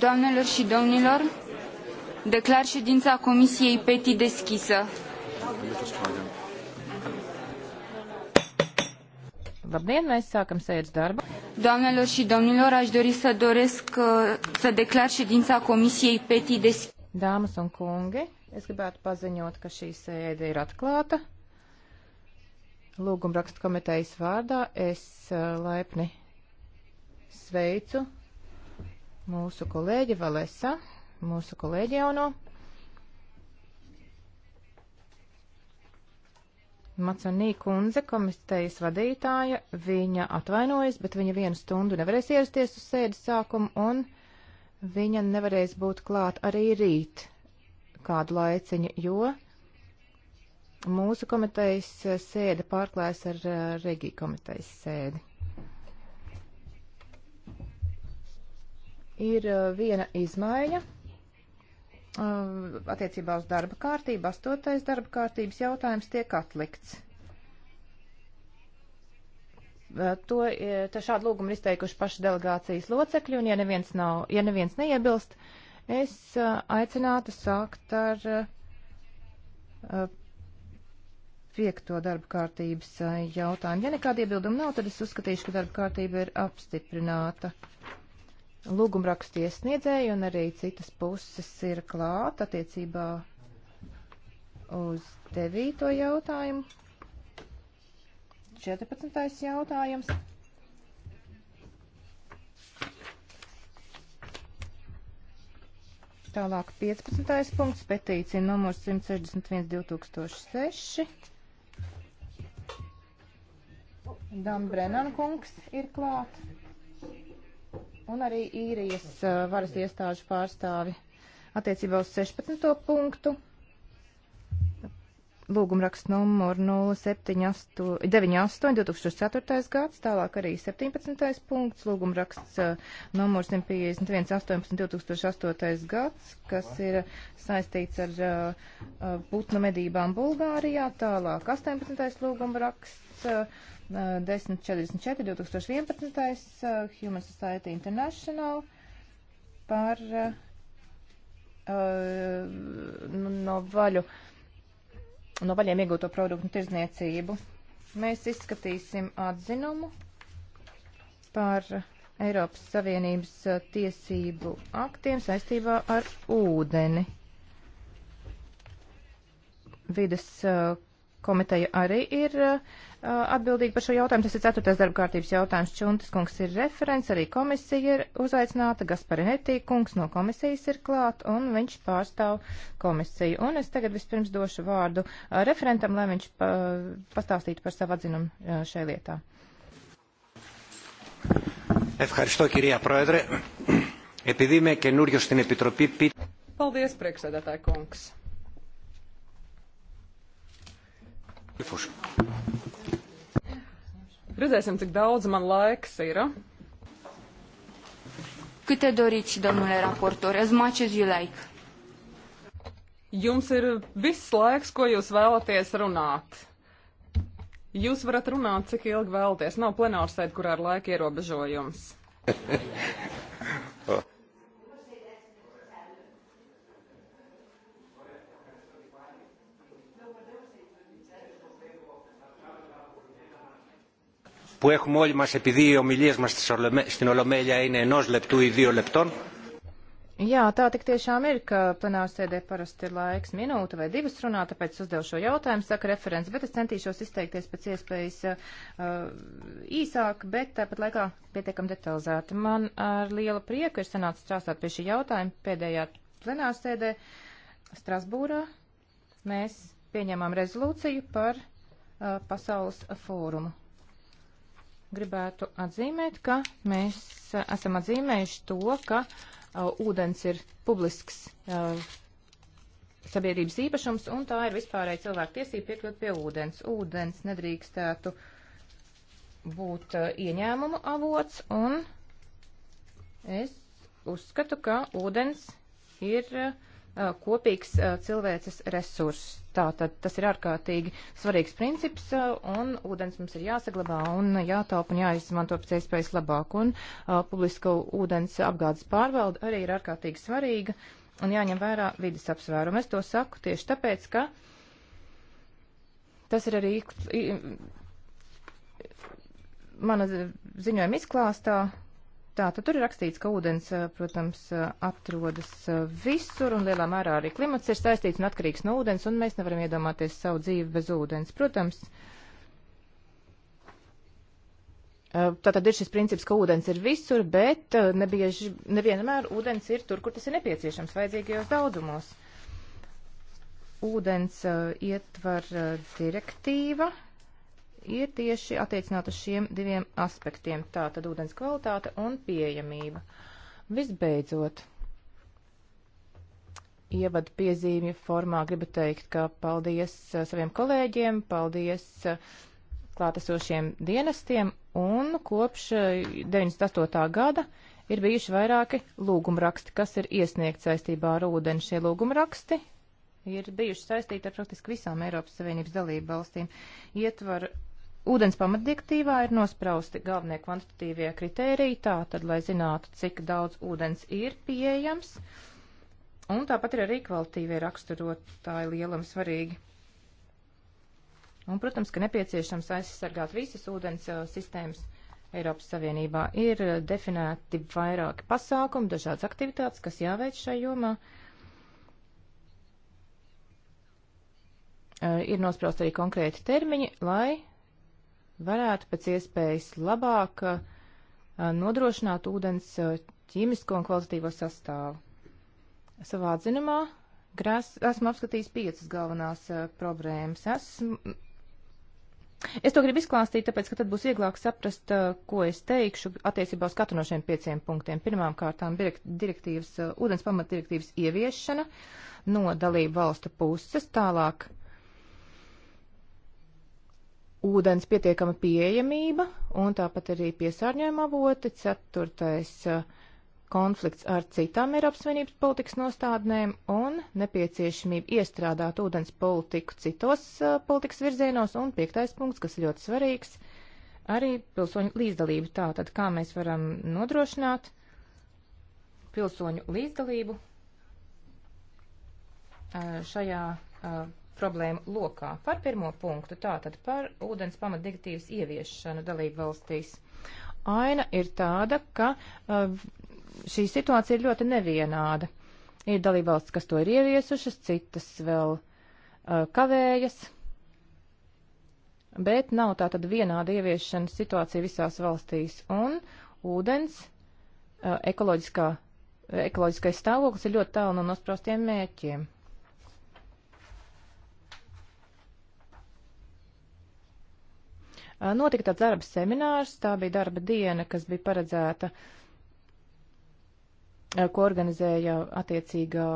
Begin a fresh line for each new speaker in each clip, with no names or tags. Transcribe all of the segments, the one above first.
Doamnelor și domnilor, declar ședința Comisiei PETI deschisă. Labdien, mēs sākam sēdes darbu. Doamnelor și domnilor, aș dori să doresc uh, să declar ședința Comisiei PETI deschisă. Dāmas un kungi, es
gribētu paziņot, ka šī sēde ir atklāta. Lūgumrakstu komitejas vārdā es uh, laipni sveicu mūsu kolēģi Valesa, mūsu kolēģi jauno. Maconī kundze, komistejas vadītāja, viņa atvainojas, bet viņa vienu stundu nevarēs ierasties uz sēdes sākumu un viņa nevarēs būt klāt arī rīt kādu laiciņu, jo mūsu komitejas sēde pārklājas ar uh, Regija komitejas sēdi. ir uh, viena izmaiņa uh, attiecībā uz darba kārtību. Astotais darba kārtības jautājums tiek atlikts. Uh, to, tā šādu lūgumu ir izteikuši paši delegācijas locekļi, un ja neviens, nav, ja neviens neiebilst, es aicinātu sākt ar piekto darba kārtības jautājumu. Ja nekāda iebilduma nav, tad es uzskatīšu, ka darba kārtība ir apstiprināta. Lūgumrakstu iesniedzēji un arī citas puses ir klāt attiecībā uz devīto jautājumu. 14. jautājums. Tālāk 15. punkts, petīcija numurs 161 2006. Dan Brennan kungs ir klāt un arī īrijas varas iestāžu pārstāvi attiecībā uz 16. punktu. Lūgumraksts numur 098 2004. gads, tālāk arī 17. punkts, lūgumraksts numur 151 18 2008. gads, kas ir saistīts ar uh, putnu medībām Bulgārijā, tālāk 18. lūgumraksts. Uh, 1044 2011 eh, Human Society International par eh, nu, no vaļu, no vaļiem iegūto produktu tirzniecību. Mēs izskatīsim atzinumu par Eiropas Savienības eh, tiesību aktiem saistībā ar ūdeni. Vides komiteja arī ir uh, atbildīga par šo jautājumu. Tas ir ceturtais darba kārtības jautājums. Čuntas kungs ir referents, arī komisija ir uzaicināta, Gasparinetti kungs no komisijas ir klāt, un viņš pārstāv komisiju. Un es tagad vispirms došu vārdu uh, referentam, lai viņš pa, pastāstītu par savu atzinumu uh, šai
lietā. Ευχαριστώ κυρία Πρόεδρε. Επειδή είμαι καινούριο στην Επιτροπή Πίτ. Paldies, priekšsēdētāji kungs. Puši. Redzēsim, cik daudz man laiks ir. Câte
doriți, domnule raportor, as much as you like.
Jums ir viss laiks, ko jūs vēlaties runāt. Jūs varat runāt, cik ilgi vēlaties. Nav plenārsēde, kurā ir laika ierobežojums.
που έχουμε όλοι μας επειδή οι ομιλίες μας στην Ολομέλεια είναι ενός λεπτού ή δύο λεπτών.
Jā, tā tik tiešām ir, ka plenārsēdē parasti ir laiks minūte vai divas runā, tāpēc uzdevu šo jautājumu, saka referents, bet es centīšos izteikties pēc iespējas uh, īsāk, bet tāpat laikā pietiekam detalizēti. Man ar lielu prieku ir sanācis strāstāt pie šī jautājuma pēdējā plenārsēdē Strasbūrā. Mēs pieņēmām rezolūciju par uh, pasaules fórumu gribētu atzīmēt, ka mēs esam atzīmējuši to, ka uh, ūdens ir publisks uh, sabiedrības īpašums, un tā ir vispārēja cilvēku tiesība piekļūt pie ūdens. Ūdens nedrīkstētu būt uh, ieņēmumu avots, un es uzskatu, ka ūdens ir uh, kopīgs uh, cilvēces resurss. Tātad tas ir ārkārtīgi svarīgs princips, uh, un ūdens mums ir jāsaglabā un jātaupa un jāizmanto pēc iespējas labāk. Un uh, publiska ūdens apgādes pārvalde arī ir ārkārtīgi svarīga un jāņem vērā vidas apsvērumi. Es to saku tieši tāpēc, ka tas ir arī mana ziņojuma izklāstā Tā, tad tur ir rakstīts, ka ūdens, eh, protams, eh, atrodas eh, visur un lielā mērā arī klimats ir saistīts un atkarīgs no ūdens, un mēs nevaram iedomāties savu dzīvi bez ūdens. Protams, tā tad ir šis princips, ka ūdens ir visur, bet nebieži, nevienmēr ūdens ir tur, kur tas ir nepieciešams, vajadzīgajos daudzumos. Ūdens ietver direktīva ir tieši attiecināta šiem diviem aspektiem - tātad ūdens kvalitāte un pieejamība. Visbeidzot, ievadu piezīmju formā gribu teikt, ka paldies uh, saviem kolēģiem, paldies uh, klātesošiem dienestiem un kopš 98. Uh, gada ir bijuši vairāki lūgumraksti, kas ir iesniegti saistībā ar ūdeni. Šie lūgumraksti ir bijuši saistīti ar praktiski visām Eiropas Savienības dalību valstīm. Ietver Ūdens pamatdirektīvā ir nosprausti galvenie kvantitatīvie kritēriji, tā tad, lai zinātu, cik daudz ūdens ir pieejams, un tāpat ir arī kvalitīvie raksturotāji lielam svarīgi. Un, protams, ka nepieciešams aizsargāt visas ūdens sistēmas. Eiropas Savienībā ir definēti vairāki pasākumi, dažādas aktivitātes, kas jāveic šai jomā. Ir nospraust arī konkrēti termiņi, lai varētu pēc iespējas labāk uh, nodrošināt ūdens uh, ķīmisko un kvalitatīvo sastāvu. Savā atzinumā grās, esmu apskatījis piecas galvenās uh, problēmas. Esmu, es to gribu izklāstīt, tāpēc, ka tad būs vieglāk saprast, ko es teikšu attiecībā uz katru no šiem pieciem punktiem. Pirmām kārtām direktīvas, ūdens pamatdirektīvas ieviešana no dalību valstu puses, tālāk uh, ūdens pietiekama pieejamība un tāpat arī piesārņojuma avoti. Ceturtais eh, konflikts ar citām Eiropas Savienības politikas nostādnēm un nepieciešamība iestrādāt ūdens politiku citos uh, politikas virzienos. Un piektais punkts, kas ir ļoti svarīgs, arī pilsoņu līdzdalība. Tātad, kā mēs varam nodrošināt pilsoņu līdzdalību uh, šajā uh, problēmu lokā. Par pirmo punktu, tātad par ūdens pamatdirektīvas ieviešanu dalību valstīs. Aina ir tāda, ka uh, šī situācija ir ļoti nevienāda. Ir dalību valsts, kas to ir ieviesušas, citas vēl uh, kavējas, bet nav tātad vienāda ieviešanas situācija visās valstīs. Un ūdens uh, ekoloģiskā, ekoloģiskais stāvoklis ir ļoti tālu no nosprostiem mērķiem. Notika tāds darba seminārs, tā bija darba diena, kas bija paredzēta, ko organizēja attiecīgā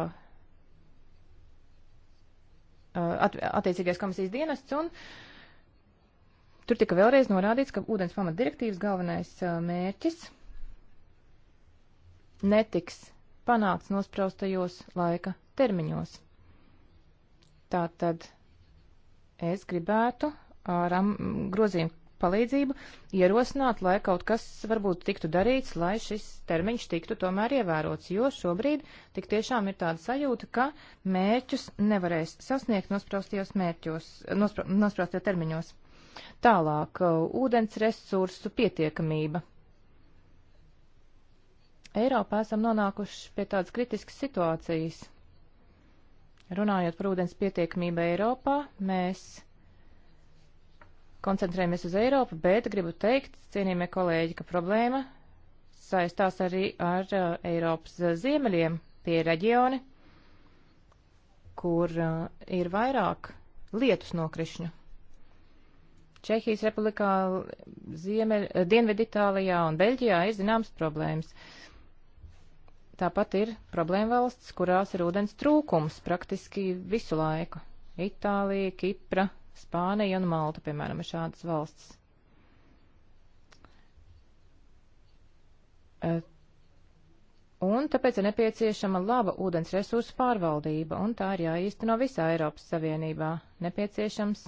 at, attiecīgais komisijas dienests, un tur tika vēlreiz norādīts, ka ūdens pamata direktīvas galvenais mērķis netiks panākts nospraustajos laika termiņos. Tātad es gribētu ar grozījumu palīdzību ierosināt, lai kaut kas varbūt tiktu darīts, lai šis termiņš tiktu tomēr ievērots, jo šobrīd tik tiešām ir tāda sajūta, ka mērķus nevarēs sasniegt nospraustajos mērķos, nospra, nospraustajos termiņos. Tālāk, uh, ūdens resursu pietiekamība. Eiropā esam nonākuši pie tādas kritiskas situācijas. Runājot par ūdens pietiekamību Eiropā, mēs koncentrējamies uz Eiropu, bet gribu teikt, cienījamie kolēģi, ka problēma saistās arī ar uh, Eiropas ziemeļiem. Tie ir reģioni, kur uh, ir vairāk lietus nokrišņu. Čehijas republikā, Ziemeļ, uh, Dienvidu Itālijā un Beļģijā ir zināmas problēmas. Tāpat ir problēma valsts, kurās ir ūdens trūkums praktiski visu laiku. Itālija, Kipra, Spānija un Malta, piemēram, ir šādas valsts. E, un tāpēc ir nepieciešama laba ūdens resursu pārvaldība, un tā ir jāīsteno visā Eiropas Savienībā. Nepieciešams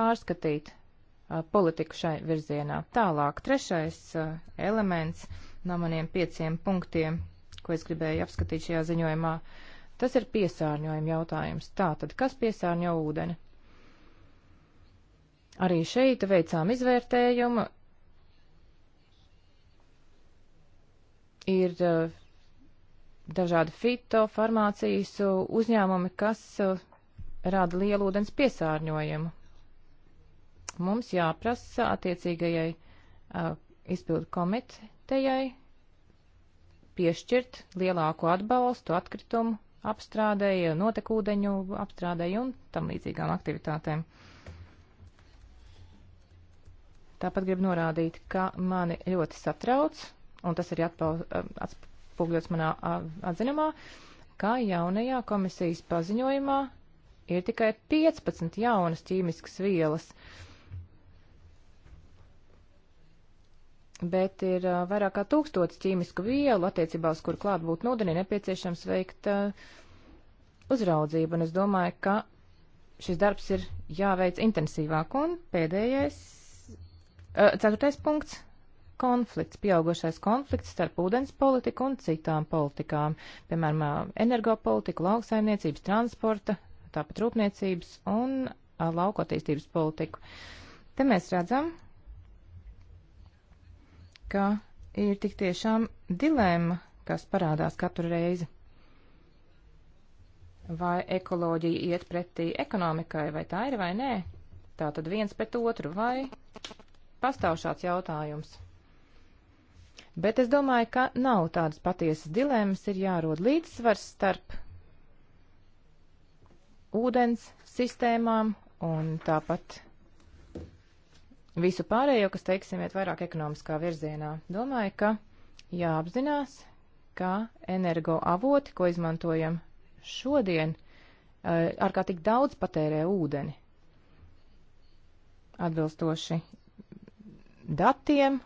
pārskatīt uh, politiku šai virzienā. Tālāk, trešais uh, elements no maniem pieciem punktiem, ko es gribēju apskatīt šajā ziņojumā, tas ir piesārņojuma jautājums. Tātad, kas piesārņo ūdeni? Arī šeit veicām izvērtējumu. Ir eh, dažādi fitofarmācijas uzņēmumi, kas eh, rada lielu ūdens piesārņojumu. Mums jāprasa attiecīgajai eh, izpildu komitejai piešķirt lielāku atbalstu atkritumu apstrādēji, notekūdeņu apstrādēji un tam līdzīgām aktivitātēm. Tāpat gribu norādīt, ka mani ļoti satrauc, un tas ir eh, atspūgļots manā atzinumā, ka jaunajā komisijas paziņojumā ir tikai 15 jaunas ķīmiskas vielas, bet ir vairāk kā tūkstots ķīmisku vielu, attiecībā uz kuru klāt būtu nodenī nepieciešams veikt uzraudzību, un es domāju, ka šis darbs ir jāveic intensīvāk, un pēdējais Ceturtais punkts - konflikts, pieaugušais konflikts starp ūdens politiku un citām politikām, piemēram, energopolitiku, lauksaimniecības, transporta, tāpat rūpniecības un lauku attīstības politiku. Te mēs redzam, ka ir tik tiešām dilēma, kas parādās katru reizi vai ekoloģija iet pretī ekonomikai, vai tā ir vai nē. Tā tad viens pret otru, vai pastāv šāds jautājums. Bet es domāju, ka nav tādas patiesas dilemmas, ir jārod līdzsvars starp ūdens sistēmām un tāpat visu pārējo, kas, teiksim, iet vairāk ekonomiskā virzienā. Domāju, ka jāapzinās, ka energo avoti, ko izmantojam šodien, eh, ārkārtīgi daudz patērē ūdeni. Atbilstoši datiem.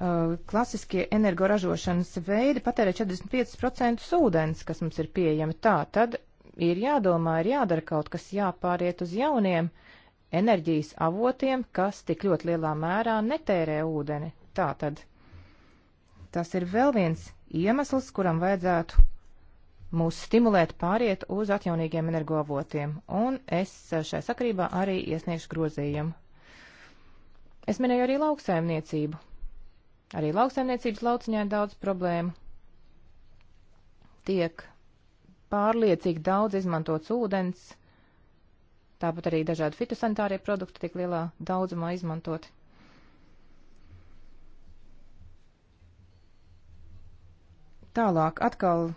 Uh, klasiskie energoražošanas veidi patērē 45% ūdens, kas mums ir pieejami. Tā tad ir jādomā, ir jādara kaut kas, jāpāriet uz jauniem enerģijas avotiem, kas tik ļoti lielā mērā netērē ūdeni. Tā tad tas ir vēl viens iemesls, kuram vajadzētu mūs stimulēt pāriet uz atjaunīgiem energoavotiem, un es šai sakarībā arī iesniegšu grozījumu. Es minēju arī lauksaimniecību. Arī lauksaimniecības lauciņā ir daudz problēmu. Tiek pārliecīgi daudz izmantots ūdens, tāpat arī dažādi fitosantārie produkti tiek lielā daudzumā izmantoti. Tālāk atkal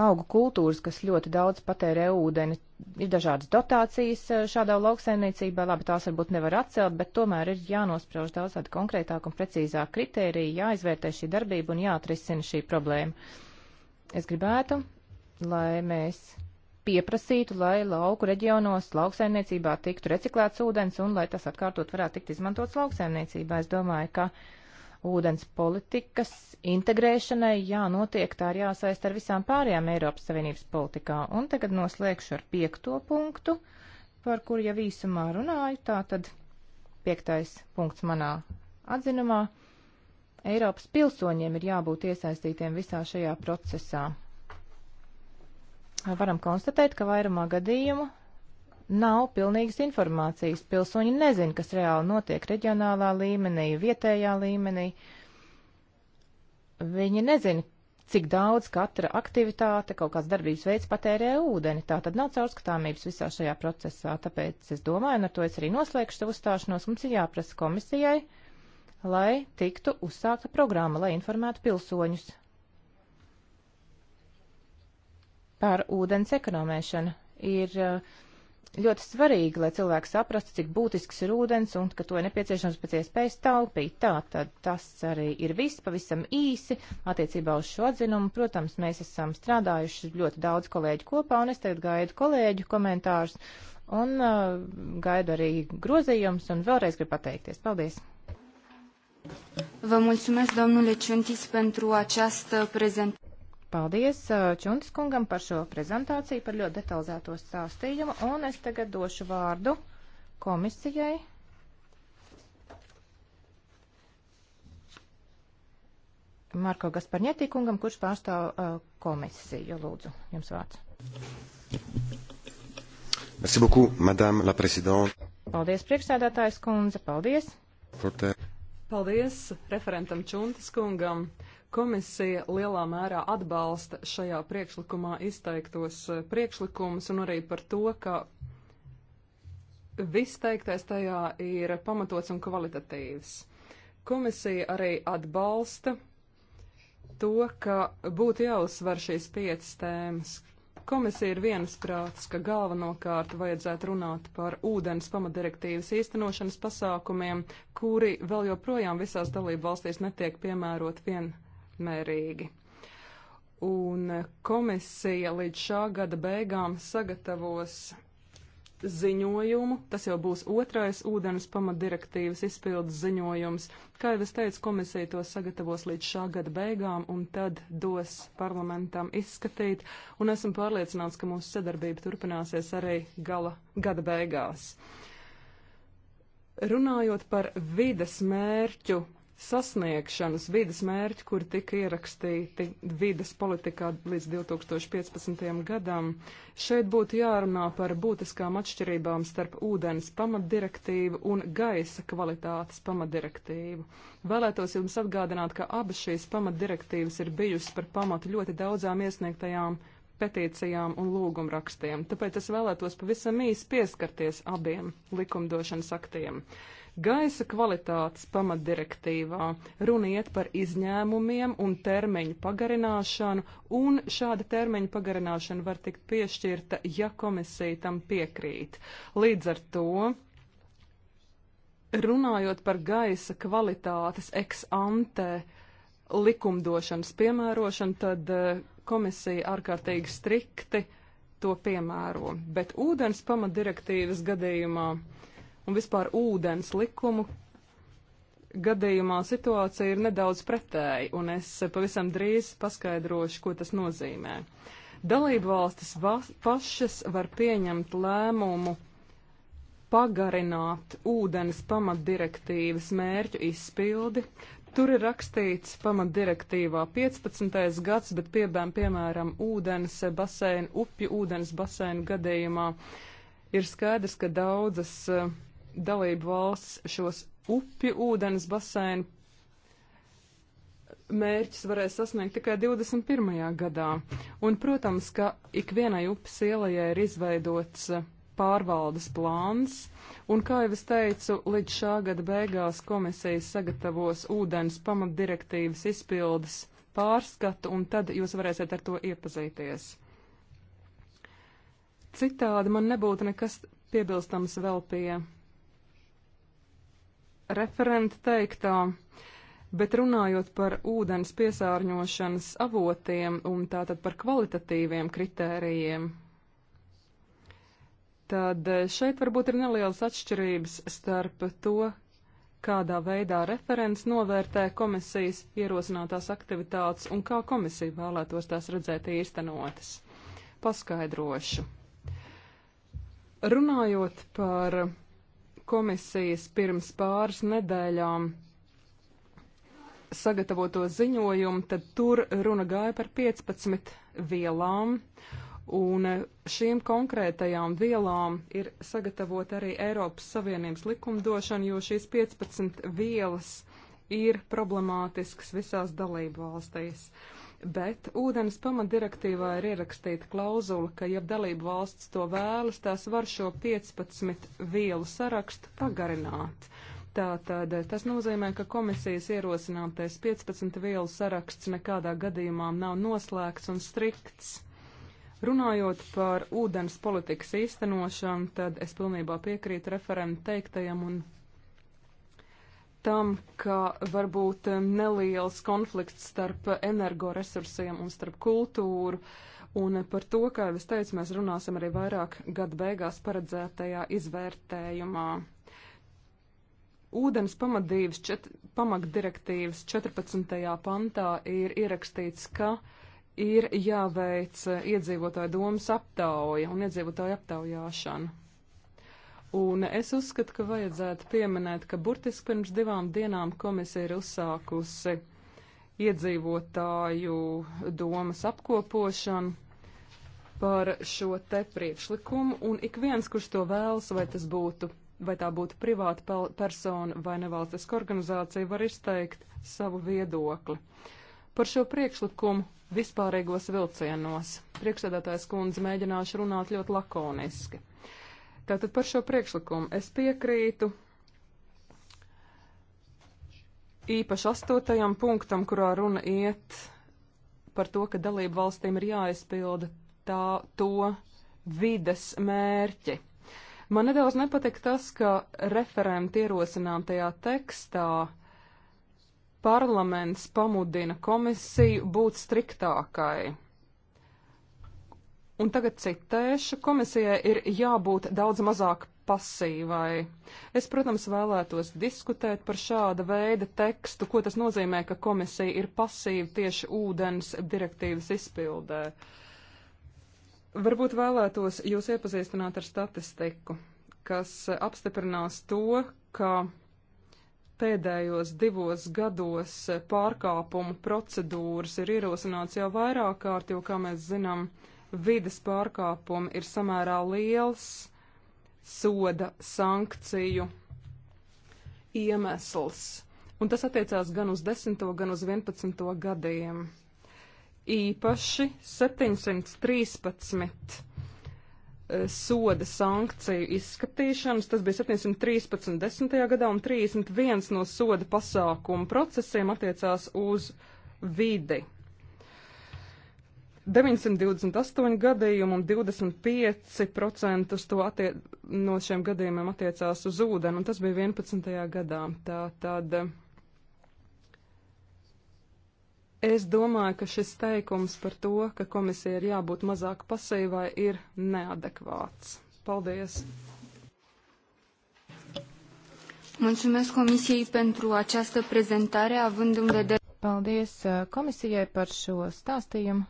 augu kultūras, kas ļoti daudz patērē ūdeni. Ir dažādas dotācijas eh, šādā lauksaimniecībā, labi, tās varbūt nevar atcelt, bet tomēr ir jānosprauž daudz tāda konkrētāka un precīzāka kritērija, jāizvērtē šī darbība un jāatrisina šī problēma. Es gribētu, lai mēs pieprasītu, lai lauku reģionos lauksaimniecībā tiktu reciklēts ūdens un lai tas atkārtot varētu tikt izmantots lauksaimniecībā. Es domāju, ka uh, ūdens politikas integrēšanai jānotiek, tā ir jāsaist ar visām pārējām Eiropas Savienības politikā. Un tagad noslēgšu ar piekto punktu, par kuru jau īsumā runāju. Tā tad piektais punkts manā atzinumā. Eiropas pilsoņiem ir jābūt iesaistītiem visā šajā procesā. Varam konstatēt, ka vairumā gadījumu nav pilnīgas informācijas. Pilsoņi nezin, kas reāli notiek reģionālā līmenī, vietējā līmenī. Viņi nezin, cik daudz katra aktivitāte, kaut kāds darbības veids patērē ūdeni. Tā tad nav caurskatāmības visā šajā procesā. Tāpēc es domāju, un ar to es arī noslēgšu savu stāšanos, mums ir jāprasa komisijai, lai tiktu uzsākta programma, lai informētu pilsoņus par ūdens ekonomēšanu. Ir uh, ļoti svarīgi, lai cilvēki saprastu, cik būtisks ir ūdens un ka to ir nepieciešams pēc iespējas taupīt. Tā tad tas arī ir viss pavisam īsi attiecībā uz šo atzinumu. Protams, mēs esam strādājuši ļoti daudz kolēģu kopā un es tagad gaidu kolēģu komentārus un uh, gaidu arī grozījums un vēlreiz gribu pateikties. Paldies!
Vă mulțumesc, domnule Ciuntis, pentru această prezentare. Paldies uh, Čuntis kungam
par šo prezentāciju, par ļoti detalizēto stāstījumu, un es tagad došu vārdu komisijai. Marko Gasparņetī kungam, kurš pārstāv uh, komisiju. Lūdzu, jums vārds.
Merci beaucoup, madame la présidente.
Paldies, priekšsēdētājs kundze, paldies. Forte.
Paldies referentam Čuntis kungam. Komisija lielā mērā atbalsta šajā priekšlikumā izteiktos eh, priekšlikumus un arī par to, ka viss teiktais tajā ir pamatots un kvalitatīvs. Komisija arī atbalsta to, ka būtu jāuzsver šīs piecas tēmas, Komisija ir viensprāts, ka galvenokārt vajadzētu runāt par ūdens pamatdirektīvas īstenošanas pasākumiem, kuri vēl joprojām visās dalību valstīs netiek piemērot vien apmērīgi. Un komisija līdz šā gada beigām sagatavos ziņojumu. Tas jau būs otrais ūdens pamatdirektīvas izpildes ziņojums. Kā jau es teicu, komisija to sagatavos līdz šā gada beigām un tad dos parlamentam izskatīt. Un esmu pārliecināts, ka mūsu sadarbība turpināsies arī gala gada beigās. Runājot par vides mērķu sasniegšanas vidas mērķi, kuri tika ierakstīti vidas politikā līdz 2015. gadam. Šeit būtu jārunā par būtiskām atšķirībām starp ūdens pamatdirektīvu un gaisa kvalitātes pamatdirektīvu. Vēlētos jums atgādināt, ka abas šīs pamatdirektīvas ir bijusi par pamatu ļoti daudzām iesniegtajām petīcijām un lūgumrakstiem, tāpēc es vēlētos pavisam īsi pieskarties abiem likumdošanas aktiem. Gaisa kvalitātes pamatdirektīvā runiet par izņēmumiem un termiņu pagarināšanu, un šāda termiņa pagarināšana var tikt piešķirta, ja komisija tam piekrīt. Līdz ar to. Runājot par gaisa kvalitātes ex ante likumdošanas piemērošanu, tad eh, komisija ārkārtīgi strikti to piemēro. Bet ūdens pamatdirektīvas gadījumā uh, un vispār ūdens likumu gadījumā situācija ir nedaudz pretēji, un es pavisam drīz paskaidrošu, ko tas nozīmē. Dalību valstis pašas var pieņemt lēmumu pagarināt ūdens pamatdirektīvas mērķu izpildi. Tur ir rakstīts pamatdirektīvā 15. gads, bet piebēm, piemēram, ūdens baseinu, upju ūdens baseinu gadījumā ir skaidrs, ka daudzas uh, dalību valsts šos upju ūdens basēnu mērķus varēs sasniegt tikai 21. gadā. Un, protams, ka ikvienai upes ielai ir izveidots eh, pārvaldes plāns, un, kā jau es teicu, līdz šā gada beigās komisija sagatavos ūdens pamatdirektīvas izpildes pārskatu, un tad jūs varēsiet ar to iepazīties. Citādi man nebūtu nekas piebilstams vēl pie referenta teiktā, bet runājot par ūdens piesārņošanas avotiem un tātad par kvalitatīviem kritērijiem, tad šeit varbūt ir nelielas atšķirības starp to, kādā veidā referents novērtē komisijas ierosinātās aktivitātes un kā komisija vēlētos tās redzēt īstenotas. Paskaidrošu. Runājot par komisijas pirms pāris nedēļām sagatavoto ziņojumu, tad tur runa gāja par 15 vielām, un šīm konkrētajām vielām ir sagatavot arī Eiropas Savienības likumdošana, jo šīs 15 vielas ir problemātiskas visās dalību valstīs. Uh, bet ūdens pamatdirektīvā ir ierakstīta klauzula, ka, ja dalību valsts to vēlas, tās var šo 15 vielu sarakstu pagarināt. Tātad eh, tas nozīmē, ka komisijas ierosinātais 15 vielu saraksts nekādā gadījumā nav noslēgts un strikts. Runājot par ūdens politikas īstenošanu, tad es pilnībā piekrītu referentu teiktajam un tam, ka varbūt neliels konflikts starp energoresursiem un starp kultūru, un par to, kā jau es teicu, mēs runāsim arī vairāk gadu beigās paredzētajā izvērtējumā. Ūdens pamatdīvas, čet, pamatdirektīvas 14. pantā ir ierakstīts, ka ir jāveic iedzīvotāju domas aptauja un iedzīvotāju aptaujāšana. Un es uzskatu, ka vajadzētu pieminēt, ka burtiski pirms divām dienām komisija ir uzsākusi iedzīvotāju domas apkopošanu par šo te priekšlikumu, un ik viens, kurš to vēlas, vai tas būtu, vai tā būtu privāta persona vai nevalstiska organizācija, var izteikt savu viedokli. Par šo priekšlikumu vispārīgos vilcienos priekšsēdētājs kundze mēģināšu runāt ļoti lakoniski. Tātad par šo priekšlikumu es piekrītu īpaši astotajam punktam, kurā runa iet par to, ka dalību valstīm ir jāizpilda tā, to vides mērķi. Man nedaudz nepatīk tas, ka referenti ierosinātajā tekstā parlaments pamudina komisiju būt striktākai Un tagad citēšu, komisijai ir jābūt daudz mazāk pasīvai. Es, protams, vēlētos diskutēt par šāda veida tekstu, ko tas nozīmē, ka komisija ir pasīva tieši ūdens direktīvas izpildē. Varbūt vēlētos jūs iepazīstināt ar statistiku, kas apstiprinās to, ka pēdējos divos gados pārkāpumu procedūras ir ierosināts jau vairāk kārt, jo, kā mēs zinām, uh, vidas pārkāpumi ir samērā liels soda sankciju iemesls. Un tas attiecās gan uz 10. gan uz 11. gadiem. Īpaši 713 e, soda sankciju izskatīšanas. Tas bija 713. 10. gadā, un 31 no soda pasākumu procesiem attiecās uz vidi. 928 gadījumu un 25% to attie, no šiem gadījumiem attiecās uz ūdeni, un tas bija 11. gadā. Tā tad es domāju, ka šis teikums par to, ka komisija ir jābūt mazāk pasīvai, ir neadekvāts. Paldies!
Mulțumesc Comisiei pentru această prezentare, având în vedere. Paldies komisijai uh, par šo stāstījumu.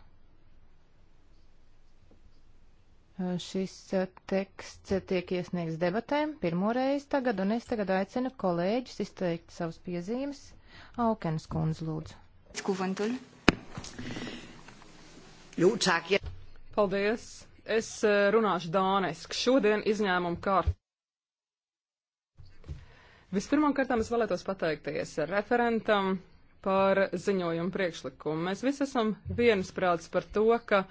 Eh, šis eh, teksts tiek iesniegts debatēm pirmoreiz tagad, un es tagad aicinu kolēģis izteikt savus piezīmes. Aukenas kundze, lūdzu.
Skuvantuļ. Lūdzāk, nu, ja. Paldies. Es eh, runāšu dāneski. Šodien izņēmumu kārt. Vispirmām kārtām es vēlētos pateikties referentam par ziņojumu priekšlikumu. Mēs visi esam viensprāts par to, ka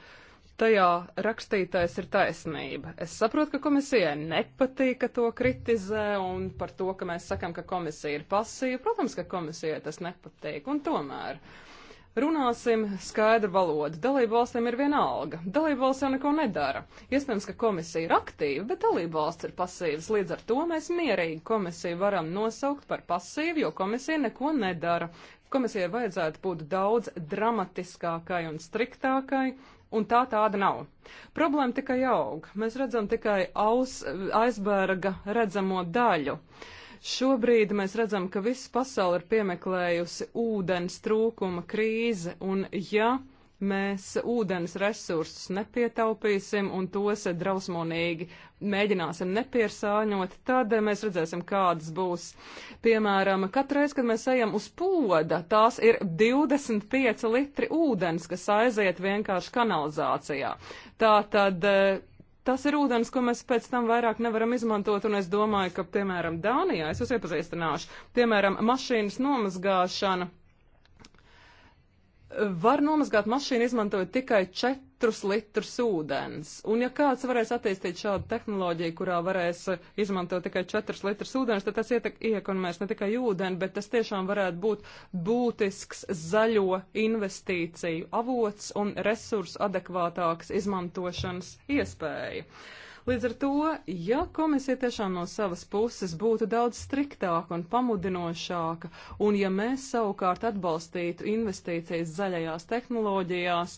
tajā rakstītais ir taisnība. Es saprotu, ka komisijai nepatīk, ka to kritizē un par to, ka mēs sakam, ka komisija ir pasīva. Protams, ka komisijai tas nepatīk, un tomēr. Runāsim skaidru valodu. Dalību valstīm ir viena alga. Dalību valsts jau neko nedara. Iespējams, ka komisija ir aktīva, bet dalību valsts ir pasīvas. Līdz ar to mēs mierīgi komisiju varam nosaukt par pasīvu, jo komisija neko nedara. Komisijai vajadzētu būt daudz dramatiskākai un striktākai, un tā tāda nav. Problēma tikai aug. Mēs redzam tikai aus, aizbērga redzamo daļu. Šobrīd mēs redzam, ka viss pasauli ir piemeklējusi ūdens trūkuma krīze, un ja mēs ūdens resursus nepietaupīsim un tos drausmonīgi mēģināsim nepiesāņot, tad mēs redzēsim, kādas būs. Piemēram, katreiz, kad mēs ejam uz poda, tās ir 25 litri ūdens, kas aiziet vienkārši kanalizācijā. Tā tad. E, tas ir ūdens, ko mēs pēc tam vairāk nevaram izmantot, un es domāju, ka, piemēram, Dānijā, es jūs iepazīstināšu, piemēram, mašīnas nomazgāšana var nomazgāt mašīnu izmantojot tikai 4 litrus ūdens. Un ja kāds varēs attīstīt šādu tehnoloģiju, kurā varēs izmantot tikai 4 litrus ūdens, tad tas iekonomēs ne tikai ūdeni, bet tas tiešām varētu būt būtisks zaļo investīciju avots un resursu adekvātāks izmantošanas iespēja. Uh, Līdz ar to, ja komisija tiešām no savas puses būtu daudz striktāka un pamudinošāka, un ja mēs savukārt atbalstītu investīcijas zaļajās tehnoloģijās,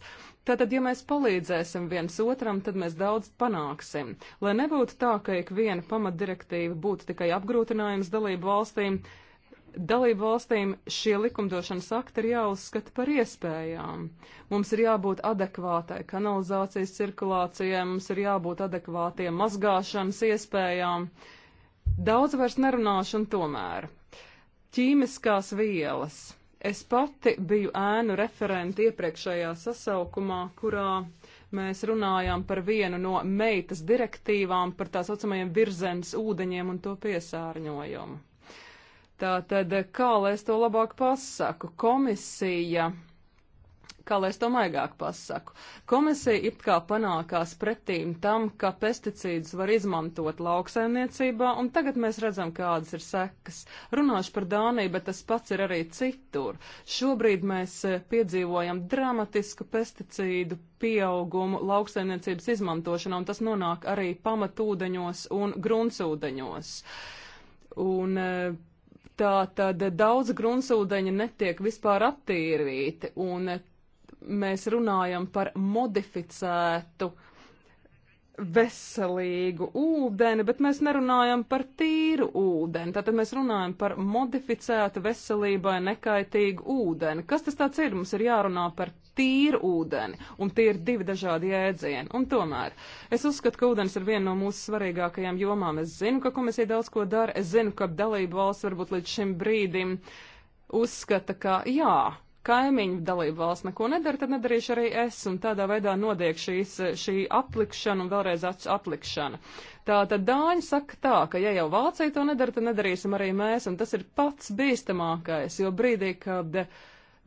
Tātad, ja mēs palīdzēsim viens otram, tad mēs daudz panāksim. Lai nebūtu tā, ka ik viena pamatdirektīva būtu tikai apgrūtinājums dalību valstīm, Dalību valstīm šie likumdošanas akti ir jāuzskata par iespējām. Mums ir jābūt adekvātai kanalizācijas cirkulācijai, mums ir jābūt adekvātiem mazgāšanas iespējām. Daudz vairs nerunāšu un tomēr. Ķīmiskās vielas. Es pati biju ēnu referenti iepriekšējā sasaukumā, kurā mēs runājām par vienu no meitas direktīvām par tā saucamajiem virzens ūdeņiem un to piesārņojumu. Tātad, kā lai es to labāk pasaku? Komisija kā lai es to maigāk pasaku. Komisija it kā panākās pretīm tam, ka pesticīdus var izmantot lauksaimniecībā, un tagad mēs redzam, kādas ir sekas. Runāšu par Dāniju, bet tas pats ir arī citur. Šobrīd mēs eh, piedzīvojam dramatisku pesticīdu pieaugumu lauksaimniecības izmantošanā, un tas nonāk arī pamatūdeņos un gruntsūdeņos. Un, eh, Tā tad daudz gruntsūdeņa netiek vispār attīrīti, un mēs runājam par modificētu uh, veselīgu ūdeni, bet mēs nerunājam par tīru ūdeni. Tātad mēs runājam par modificētu veselībai nekaitīgu ūdeni. Kas tas tāds ir? Mums ir jārunā par tīru ūdeni, un tie ir divi dažādi jēdzieni. Un tomēr es uzskatu, ka ūdens ir viena no mūsu svarīgākajām jomām. Es zinu, ka komisija daudz ko dara, es zinu, ka dalību valsts varbūt līdz šim brīdim uzskata, ka jā, kaimiņu dalību valsts neko nedara, tad nedarīšu arī es, un tādā veidā nodiek šīs, šī aplikšana un vēlreiz aplikšana. Tā tad Dāņi saka tā, ka ja jau Vācija to nedara, tad nedarīsim arī mēs, un tas ir pats bīstamākais, jo brīdī, kad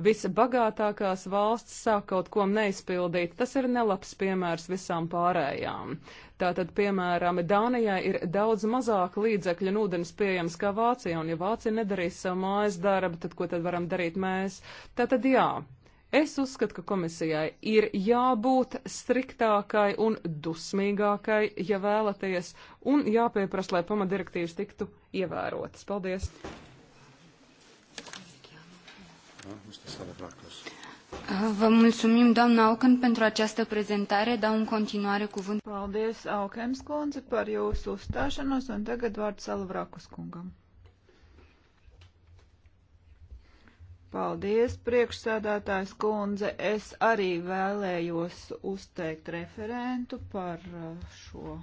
visbagātākās valsts sāk kaut ko neizpildīt, tas ir nelabs piemērs visām pārējām. Tātad, piemēram, Dānijai ir daudz mazāk līdzekļu un ūdens pieejams kā Vācija, un ja Vācija nedarīs savu mājas darbu, tad ko tad varam darīt mēs? Tātad, jā. Es uzskatu, ka komisijai ir jābūt striktākai un dusmīgākai, ja vēlaties, un jāpieprasa, lai pamadirektīvas tiktu ievērotas. Paldies! Ja,
Vă mulțumim, doamna Auken, pentru această prezentare. Dau în continuare
cuvânt. Paldies, Aukens kundze, par jūsu uzstāšanos, un tagad vārds Alvrakus kungam. Paldies, priekšsēdētājs kundze. Es arī vēlējos uzteikt referentu par uh, šo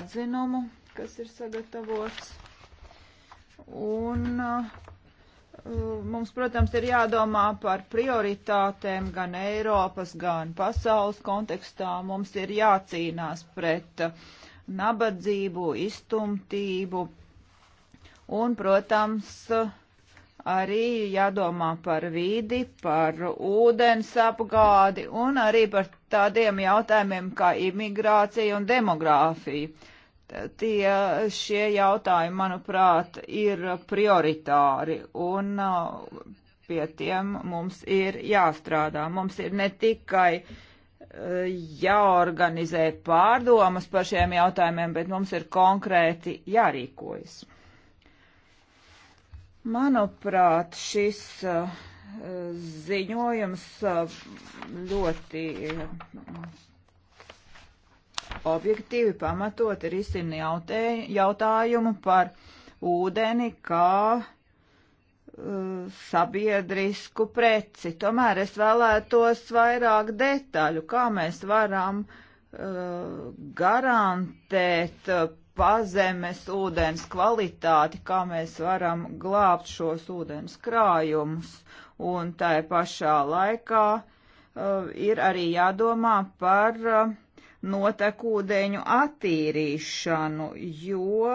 atzinumu, kas ir sagatavots. Un uh, Eh, mums, protams, ir jādomā par prioritātēm gan Eiropas, gan pasaules kontekstā. Mums ir jācīnās pret eh, nabadzību, iztumtību un, protams, arī jādomā par vidi, par ūdens apgādi un arī par tādiem jautājumiem kā imigrācija un demogrāfija tie šie jautājumi, manuprāt, ir prioritāri un uh, pie tiem mums ir jāstrādā. Mums ir ne tikai uh, jāorganizē pārdomas par šiem jautājumiem, bet mums ir konkrēti jārīkojas. Manuprāt, šis uh, ziņojums ļoti objektīvi pamatot ir izsina jautājumu par ūdeni kā uh, sabiedrisku preci. Tomēr es vēlētos vairāk detaļu, kā mēs varam uh, garantēt uh, pazemes ūdens kvalitāti, kā mēs varam glābt šos ūdens krājumus. Un tai pašā laikā uh, ir arī jādomā par uh, notekūdeņu attīrīšanu, jo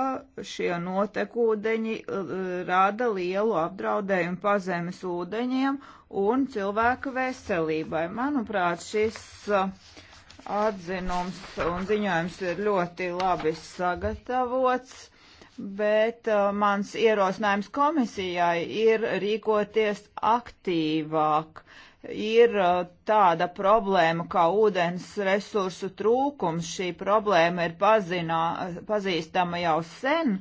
šie notekūdeņi uh, rada lielu apdraudējumu pazemes ūdeņiem un cilvēku veselībai. Manuprāt, šis uh, atzinums un ziņojums ir ļoti labi sagatavots. Bet uh, mans ierosinājums komisijai ir rīkoties aktīvāk. Uh, ir uh, tāda problēma kā ūdens resursu trūkums. Šī problēma ir pazinā, pazīstama jau sen,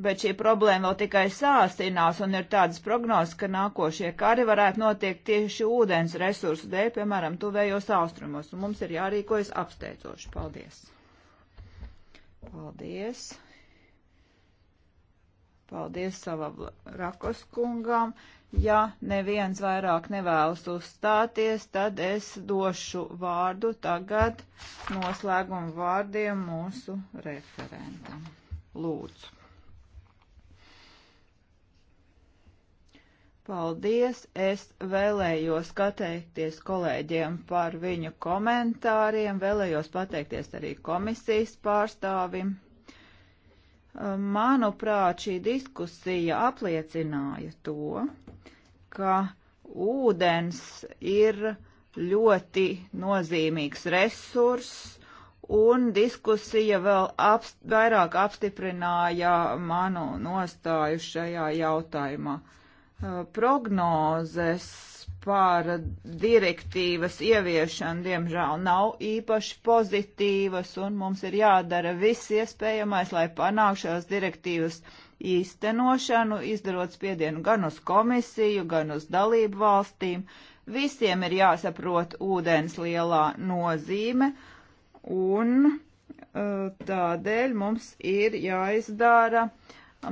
bet šī problēma vēl tikai sāstinās un ir tādas prognozes, ka nākošie kari varētu notiekt tieši ūdens resursu dēļ, piemēram, tuvējos austrumos, un mums ir jārīkojas apsteidzoši. Paldies! Paldies! Paldies savam rakoskungam! Ja neviens vairāk nevēlas uzstāties, tad es došu vārdu tagad noslēgumu vārdiem mūsu referentam. Lūdzu. Paldies! Es vēlējos pateikties kolēģiem par viņu komentāriem, vēlējos pateikties arī komisijas pārstāvim. Manuprāt, šī diskusija apliecināja to, ka ūdens ir ļoti nozīmīgs resurss, un diskusija vēl apst, vairāk apstiprināja manu nostāju šajā jautājumā. Uh, prognozes par direktīvas ieviešanu, diemžēl, nav īpaši pozitīvas, un mums ir jādara viss iespējamais, lai panāk šās direktīvas īstenošanu, izdarot spiedienu gan uz komisiju, gan uz dalību valstīm. Visiem ir jāsaprot ūdens lielā nozīme, un uh, tādēļ mums ir jāizdara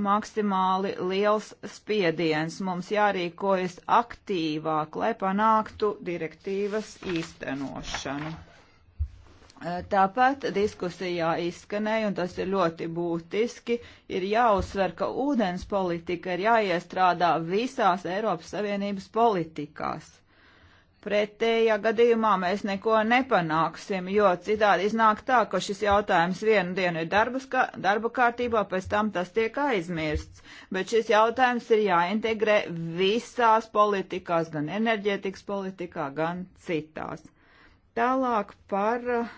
maksimāli liels spiediens. Mums jārīkojas aktīvāk, lai panāktu direktīvas īstenošanu. Tāpat diskusijā izskanēja, un tas ir ļoti būtiski, ir jāuzsver, ka ūdens politika ir jāiestrādā visās Eiropas Savienības politikās. Pretējā gadījumā mēs neko nepanāksim, jo citādi iznāk tā, ka šis jautājums vienu dienu ir darbas, kā, darba kārtībā, pēc tam tas tiek aizmirsts. Bet šis jautājums ir jāintegrē visās politikās, gan enerģētikas politikā, gan citās. Tālāk par uh,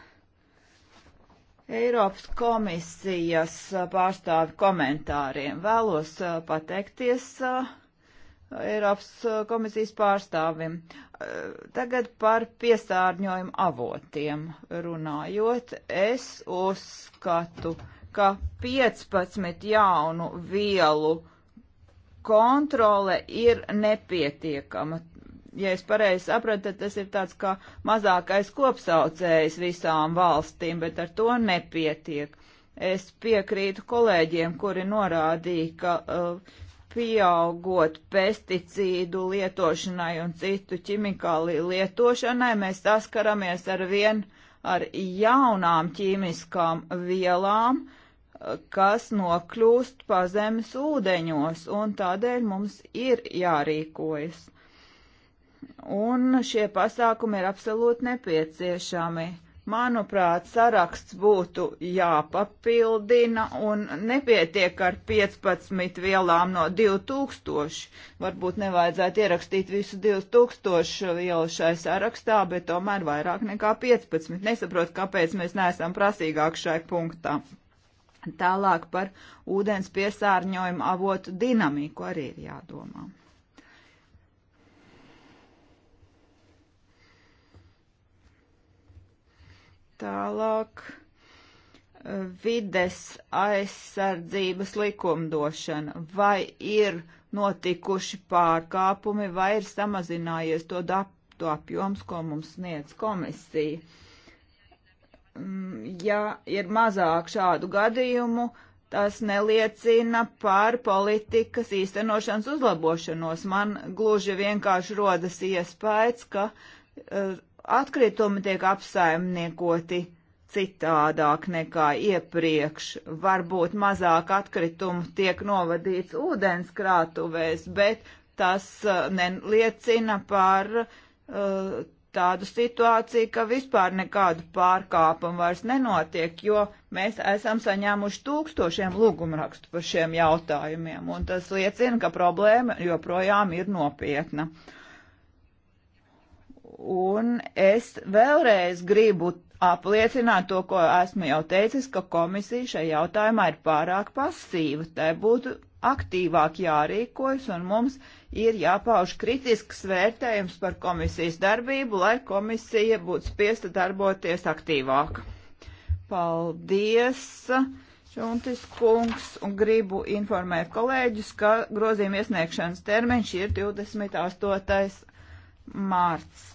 Eiropas komisijas pārstāvi komentāriem. Vēlos pateikties Eiropas komisijas pārstāvim. Tagad par piesārņojumu avotiem runājot, es uzskatu, ka 15 jaunu vielu kontrole ir nepietiekama ja es pareizi sapratu, tad tas ir tāds kā mazākais kopsaucējs visām valstīm, bet ar to nepietiek. Es piekrītu kolēģiem, kuri norādīja, ka uh, pieaugot pesticīdu lietošanai un citu ķimikāliju lietošanai, mēs saskaramies ar vien ar jaunām ķīmiskām vielām, uh, kas nokļūst pazemes ūdeņos, un tādēļ mums ir jārīkojas un šie pasākumi ir absolūti nepieciešami. Manuprāt, saraksts būtu jāpapildina un nepietiek ar 15 vielām no 2000. Varbūt nevajadzētu ierakstīt visu 2000 vielu šai sarakstā, bet tomēr vairāk nekā 15. Nesaprotu, kāpēc mēs neesam prasīgāk šai punktā. Tālāk par ūdens piesārņojumu avotu dinamiku arī ir jādomā. Tālāk vides aizsardzības likumdošana. Vai ir notikuši pārkāpumi, vai ir samazinājies to datu apjoms, ko mums sniedz komisija? Mm, ja ir mazāk šādu gadījumu, tas neliecina par politikas īstenošanas uzlabošanos. Man gluži vienkārši rodas iespējas, ka eh, atkritumi tiek apsaimniekoti citādāk nekā iepriekš. Varbūt mazāk atkritumu tiek novadīts ūdenskrātuvēs, bet tas uh, neliecina par uh, tādu situāciju, ka vispār nekādu pārkāpumu vairs nenotiek, jo mēs esam saņēmuši tūkstošiem lūgumrakstu par šiem jautājumiem, un tas liecina, ka problēma joprojām ir nopietna. Uh, Un es vēlreiz gribu apliecināt to, ko esmu jau teicis, ka komisija šajā jautājumā ir pārāk pasīva. Tai būtu aktīvāk jārīkojas, un mums ir jāpauž kritisks vērtējums par komisijas darbību, lai komisija būtu spiesta darboties aktīvāk. Paldies, Šuntis kungs, un gribu informēt kolēģus, ka grozījuma iesniegšanas termiņš ir 28. mārts.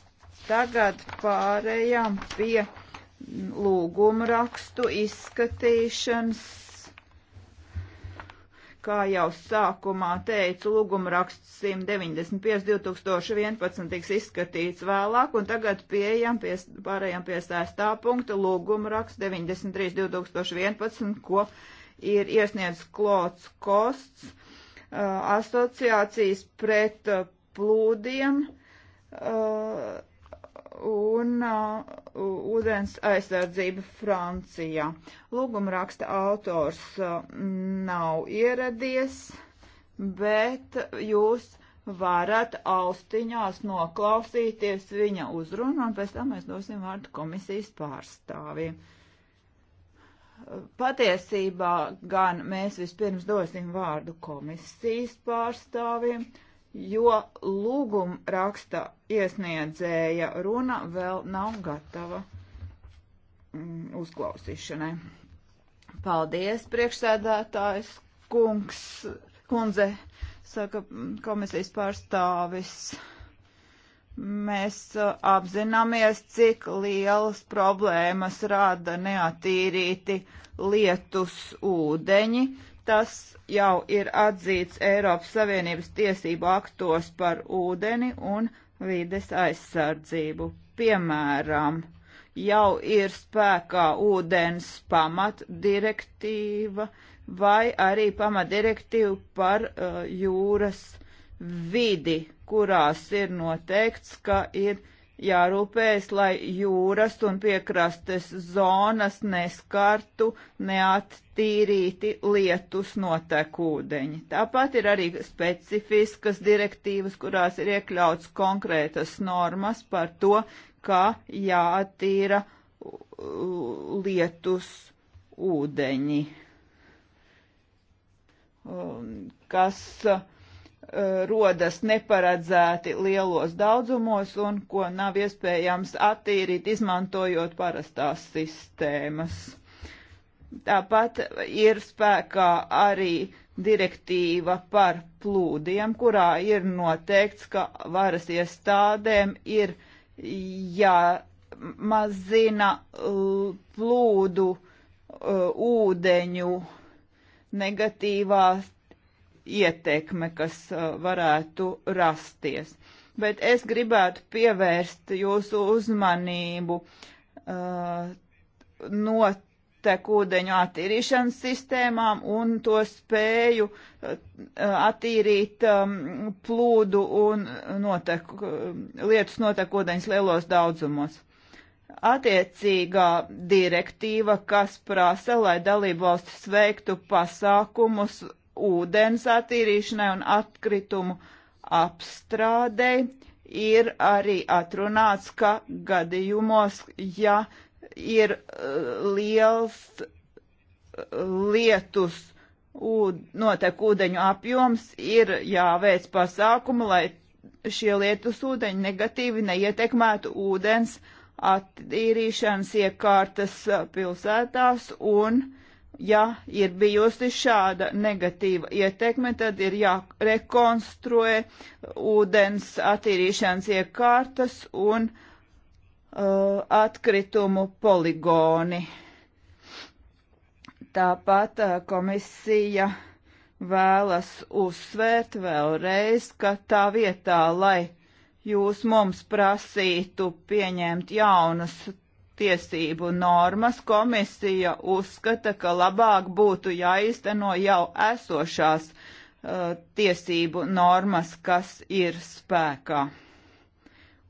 Tagad pārējām pie lūgumrakstu izskatīšanas. Kā jau sākumā teicu, lūgumraksts 195.2011 tiks izskatīts vēlāk, un tagad pieejam pie, pārējām pie sēstā punkta lūgumraksts 93.2011, ko ir iesniedz Klots Kosts asociācijas pret plūdiem. Uh, un uh, ūdens aizsardzība Francijā. Lūguma raksta autors uh, nav ieradies, bet jūs varat austiņās noklausīties viņa uzrunu, un pēc tam mēs dosim vārdu komisijas pārstāvjiem. Patiesībā gan mēs vispirms dosim vārdu komisijas pārstāvjiem jo lūguma raksta iesniedzēja runa vēl nav gatava mm, uzklausīšanai. Paldies, priekšsēdētājs kungs, kundze, saka komisijas pārstāvis. Mēs uh, apzināmies, cik lielas problēmas rada neatīrīti lietus ūdeņi, Tas jau ir atzīts Eiropas Savienības tiesību aktos par ūdeni un vides aizsardzību. Piemēram, jau ir spēkā ūdens pamatdirektīva vai arī pamatdirektīva par uh, jūras vidi, kurās ir noteikts, ka ir jārūpējas, lai jūras un piekrastes zonas neskartu neattīrīti lietus notekūdeņi. Tāpat ir arī specifiskas direktīvas, kurās ir iekļauts konkrētas normas par to, kā jātīra lietus ūdeņi, kas uh, Eh, rodas neparedzēti lielos daudzumos un ko nav iespējams attīrīt, izmantojot parastās sistēmas. Tāpat ir spēkā arī direktīva par plūdiem, kurā ir noteikts, ka varas iestādēm ir jāmazina plūdu eh, ūdeņu negatīvās ietekme, kas uh, varētu rasties. Bet es gribētu pievērst jūsu uzmanību uh, notekūdeņu attīrīšanas sistēmām un to spēju uh, attīrīt um, plūdu un notek, uh, lietus notekūdeņus lielos daudzumos attiecīgā direktīva, kas prasa, lai dalību valstis veiktu pasākumus, ūdens attīrīšanai un atkritumu apstrādei ir arī atrunāts, ka gadījumos, ja ir uh, liels uh, lietus, ūd, notiek ūdeņu apjoms, ir jāveic pasākumu, lai šie lietus ūdeņi negatīvi neietekmētu ūdens attīrīšanas iekārtas uh, pilsētās un uh, ja ir bijusi šāda negatīva ietekme, tad ir jārekonstruē ūdens attīrīšanas iekārtas un uh, atkritumu poligoni. Tāpat uh, komisija vēlas uzsvērt vēlreiz, ka tā vietā, lai jūs mums prasītu pieņemt jaunas tiesību normas komisija uzskata, ka labāk būtu jāizteno jau esošās uh, tiesību normas, kas ir spēkā.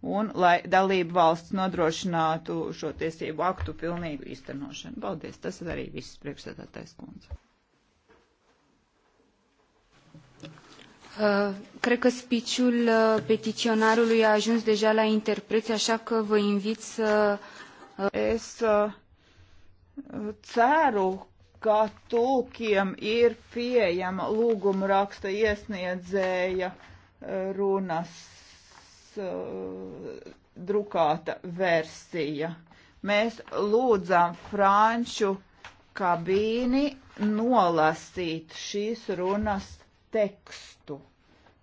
Un lai dalību valsts nodrošinātu šo tiesību aktu pilnīgu īstenošanu. Paldies, tas ir arī viss priekšsēdētais kundze.
Uh, cred că speech-ul uh, petiționarului a ajuns
deja la interpreți, așa că vă invit să uh, Es uh, ceru, ka tulkiem ir pieejama lūguma raksta iesniedzēja uh, runas uh, drukāta versija. Mēs lūdzām franču kabīni nolasīt šīs runas tekstu,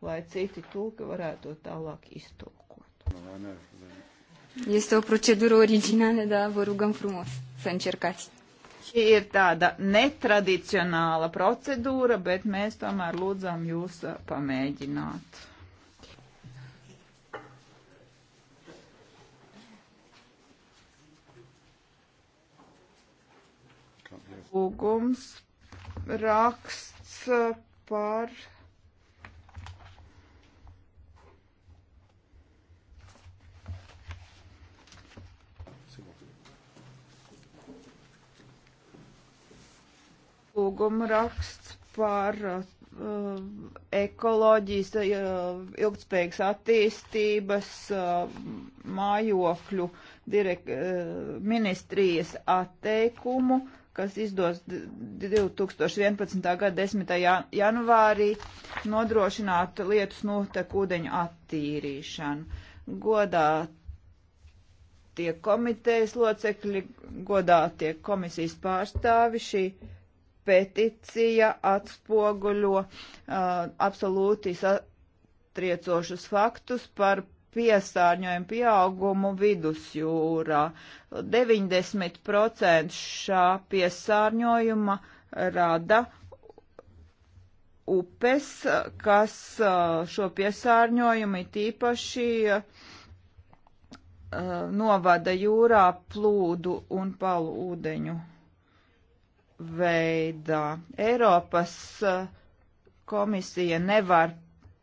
lai citi tulki varētu to tālāk iztulkot. No, Este o
procedură originală, dar vă rugăm frumos să încercați.
Šī ir e tāda netradicionāla procedūra, bet mēs tomēr lūdzam jūs uh, pamēģināt. Lūgums raksts uh, par Lūguma raksts par uh, ekoloģijas, uh, ilgspējīgas attīstības, uh, mājokļu direk, uh, ministrijas atteikumu, kas izdos 2011. gada 10. janvārī nodrošināt lietus notekūdeņu attīrīšanu. Godā tie komitejas locekļi, godā tie komisijas pārstāvi šī peticija atspoguļo uh, absolūti satriecošus faktus par piesārņojumu pieaugumu vidusjūrā. 90% šā piesārņojuma rada upes, kas uh, šo piesārņojumu tīpaši uh, novada jūrā plūdu un palūdeņu veidā. Eiropas uh, komisija nevar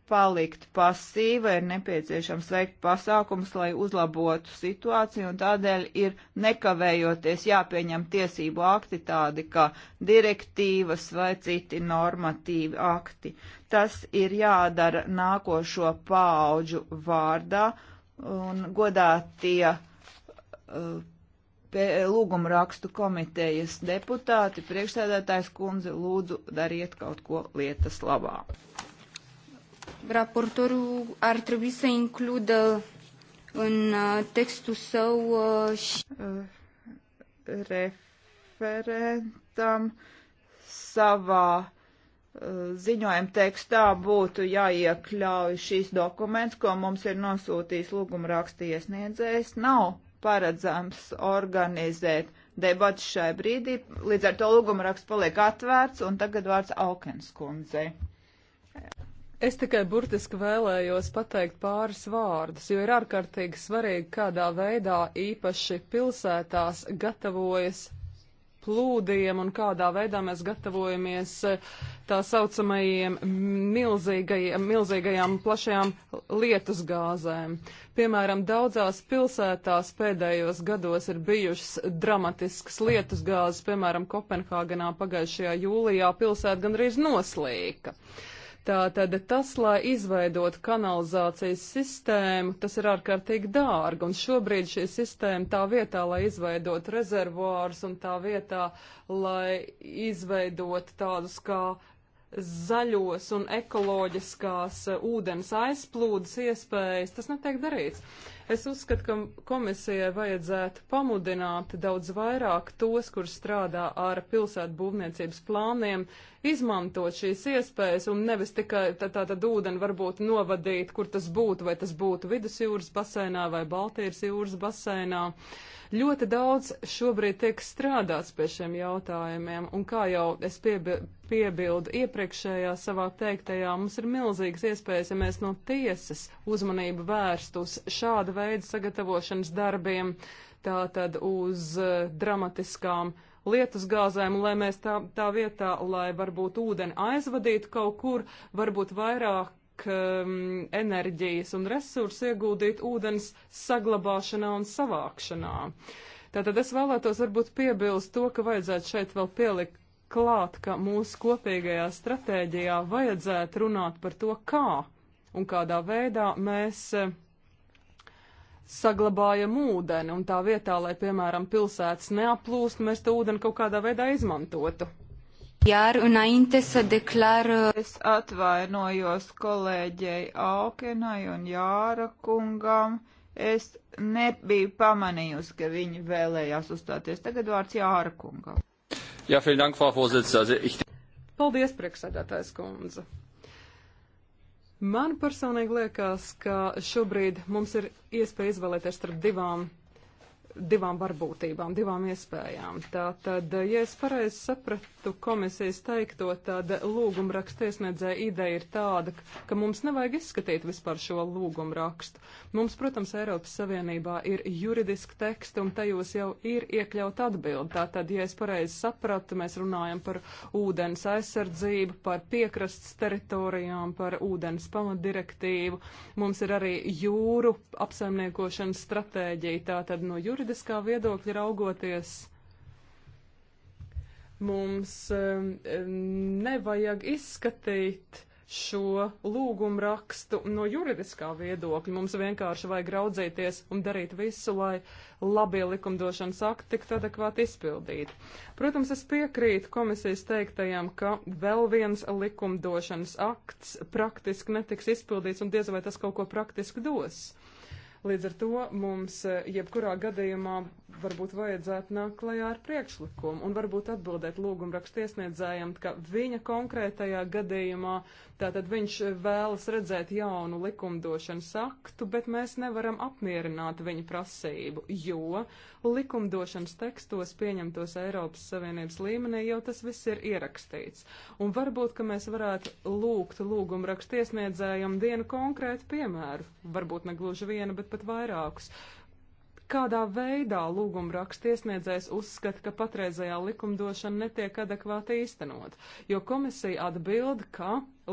palikt pasīva, ir nepieciešams veikt pasākums, lai uzlabotu situāciju, un tādēļ ir nekavējoties jāpieņem tiesību akti tādi kā direktīvas vai citi normatīvi akti. Tas ir jādara nākošo paauģu vārdā, un godā tie uh, lūguma rakstu komitejas deputāti, priekšsēdētājs kundze, lūdzu dariet kaut ko lietas labā.
Raportorul ar trebui să includă
în uh, textul său uh, și... Uh, referentam savā ziņojuma tekstā būtu jāiekļauj šīs dokuments, ko mums ir nosūtījis lūguma raksta iesniedzējs. Nav paredzams organizēt debatu šai brīdī. Līdz ar to lūguma raksts paliek atvērts, un tagad vārds Aukens kundzei.
Es tikai burtiski vēlējos pateikt pāris vārdus, jo ir ārkārtīgi svarīgi, kādā veidā īpaši pilsētās gatavojas plūdiem un kādā veidā mēs gatavojamies eh, tā saucamajiem milzīgajām plašajām lietus gāzēm. Piemēram, daudzās pilsētās pēdējos gados ir bijušas dramatiskas lietus gāzes, piemēram, Kopenhāgenā pagājušajā jūlijā pilsēta gandrīz noslīka. Uh, Tātad tas, lai izveidot kanalizācijas sistēmu, tas ir ārkārtīgi dārgi, un šobrīd šī sistēma tā vietā, lai izveidot rezervuārus un tā vietā, lai izveidot tādus kā zaļos un ekoloģiskās uh, ūdens aizplūdes iespējas, tas netiek darīts. Es uzskatu, ka komisijai vajadzētu pamudināt daudz vairāk tos, kur strādā ar pilsētu būvniecības plāniem, izmantot šīs iespējas un nevis tikai tātad tā, tā, ūdeni varbūt novadīt, kur tas būtu, vai tas būtu vidusjūras basēnā vai Baltijas jūras basēnā. Uh, Ļoti daudz šobrīd tiek strādāts pie šiem jautājumiem, un kā jau es piebi piebildu iepriekšējā savā teiktajā, mums ir milzīgas iespējas, ja mēs no tiesas uzmanību vērst uz šāda veida sagatavošanas darbiem, tātad uz uh, dramatiskām lietus gāzēm, lai mēs tā, tā vietā, lai varbūt ūdeni aizvadītu kaut kur, varbūt vairāk tiek um, enerģijas un resursu ieguldīt ūdens saglabāšanā un savākšanā. Tātad es vēlētos varbūt piebilst to, ka vajadzētu šeit vēl pielikt klāt, ka mūsu kopīgajā stratēģijā vajadzētu runāt par to, kā un kādā veidā mēs eh, saglabājam ūdeni, un tā vietā, lai, piemēram, pilsētas neaplūst, mēs to ūdeni kaut kādā veidā izmantotu.
Iar înainte să declar... Uh,
es atvainojos kolēģei Aukenai un Jāra kungam. Es nebiju pamanījusi, ka viņi vēlējās uzstāties. Tagad vārds Jāra kungam. Jā, vielen dank, Frau Vorsitzende. Ich...
Paldies, priekšsēdētājs kundze. Man personīgi liekas, ka šobrīd mums ir iespēja izvēlēties starp divām divām varbūtībām, divām iespējām. Tātad, ja es pareizi sapratu komisijas teikto, tad lūgumrakstu iesniedzēja ideja ir tāda, ka mums nevajag izskatīt vispār šo lūgumrakstu. Mums, protams, Eiropas Savienībā ir juridiski teksti un tajos jau ir iekļaut atbildi. Tātad, ja es pareizi sapratu, mēs runājam par ūdens aizsardzību, par piekrastes teritorijām, par ūdens pamatdirektīvu. Mums ir arī jūru apsaimniekošanas stratēģija, tātad no jūras juridiskā viedokļa raugoties, mums um, nevajag izskatīt šo lūgumu rakstu no juridiskā viedokļa. Mums vienkārši vajag raudzīties un darīt visu, lai labie likumdošanas akti tiktu adekvāti izpildīti. Protams, es piekrītu komisijas teiktajam, ka vēl viens likumdošanas akts praktiski netiks izpildīts un diez vai tas kaut ko praktiski dos. Uh, Līdz ar to mums eh, jebkurā gadījumā varbūt vajadzētu nākt klajā ar priekšlikumu un varbūt atbildēt lūgumrakstu iesniedzējiem, ka viņa konkrētajā gadījumā Tātad viņš eh, vēlas redzēt jaunu likumdošanas aktu, bet mēs nevaram apmierināt viņa prasību, jo likumdošanas tekstos pieņemtos Eiropas Savienības līmenī jau tas viss ir ierakstīts. Un varbūt, ka mēs varētu lūgt lūgumu rakstiesniedzējam dienu konkrētu piemēru, varbūt ne gluži vienu, bet pat vairākus, kādā veidā lūguma rakstiesniedzējs uzskata, ka patreizējā likumdošana netiek adekvāti īstenot, jo komisija atbild, ka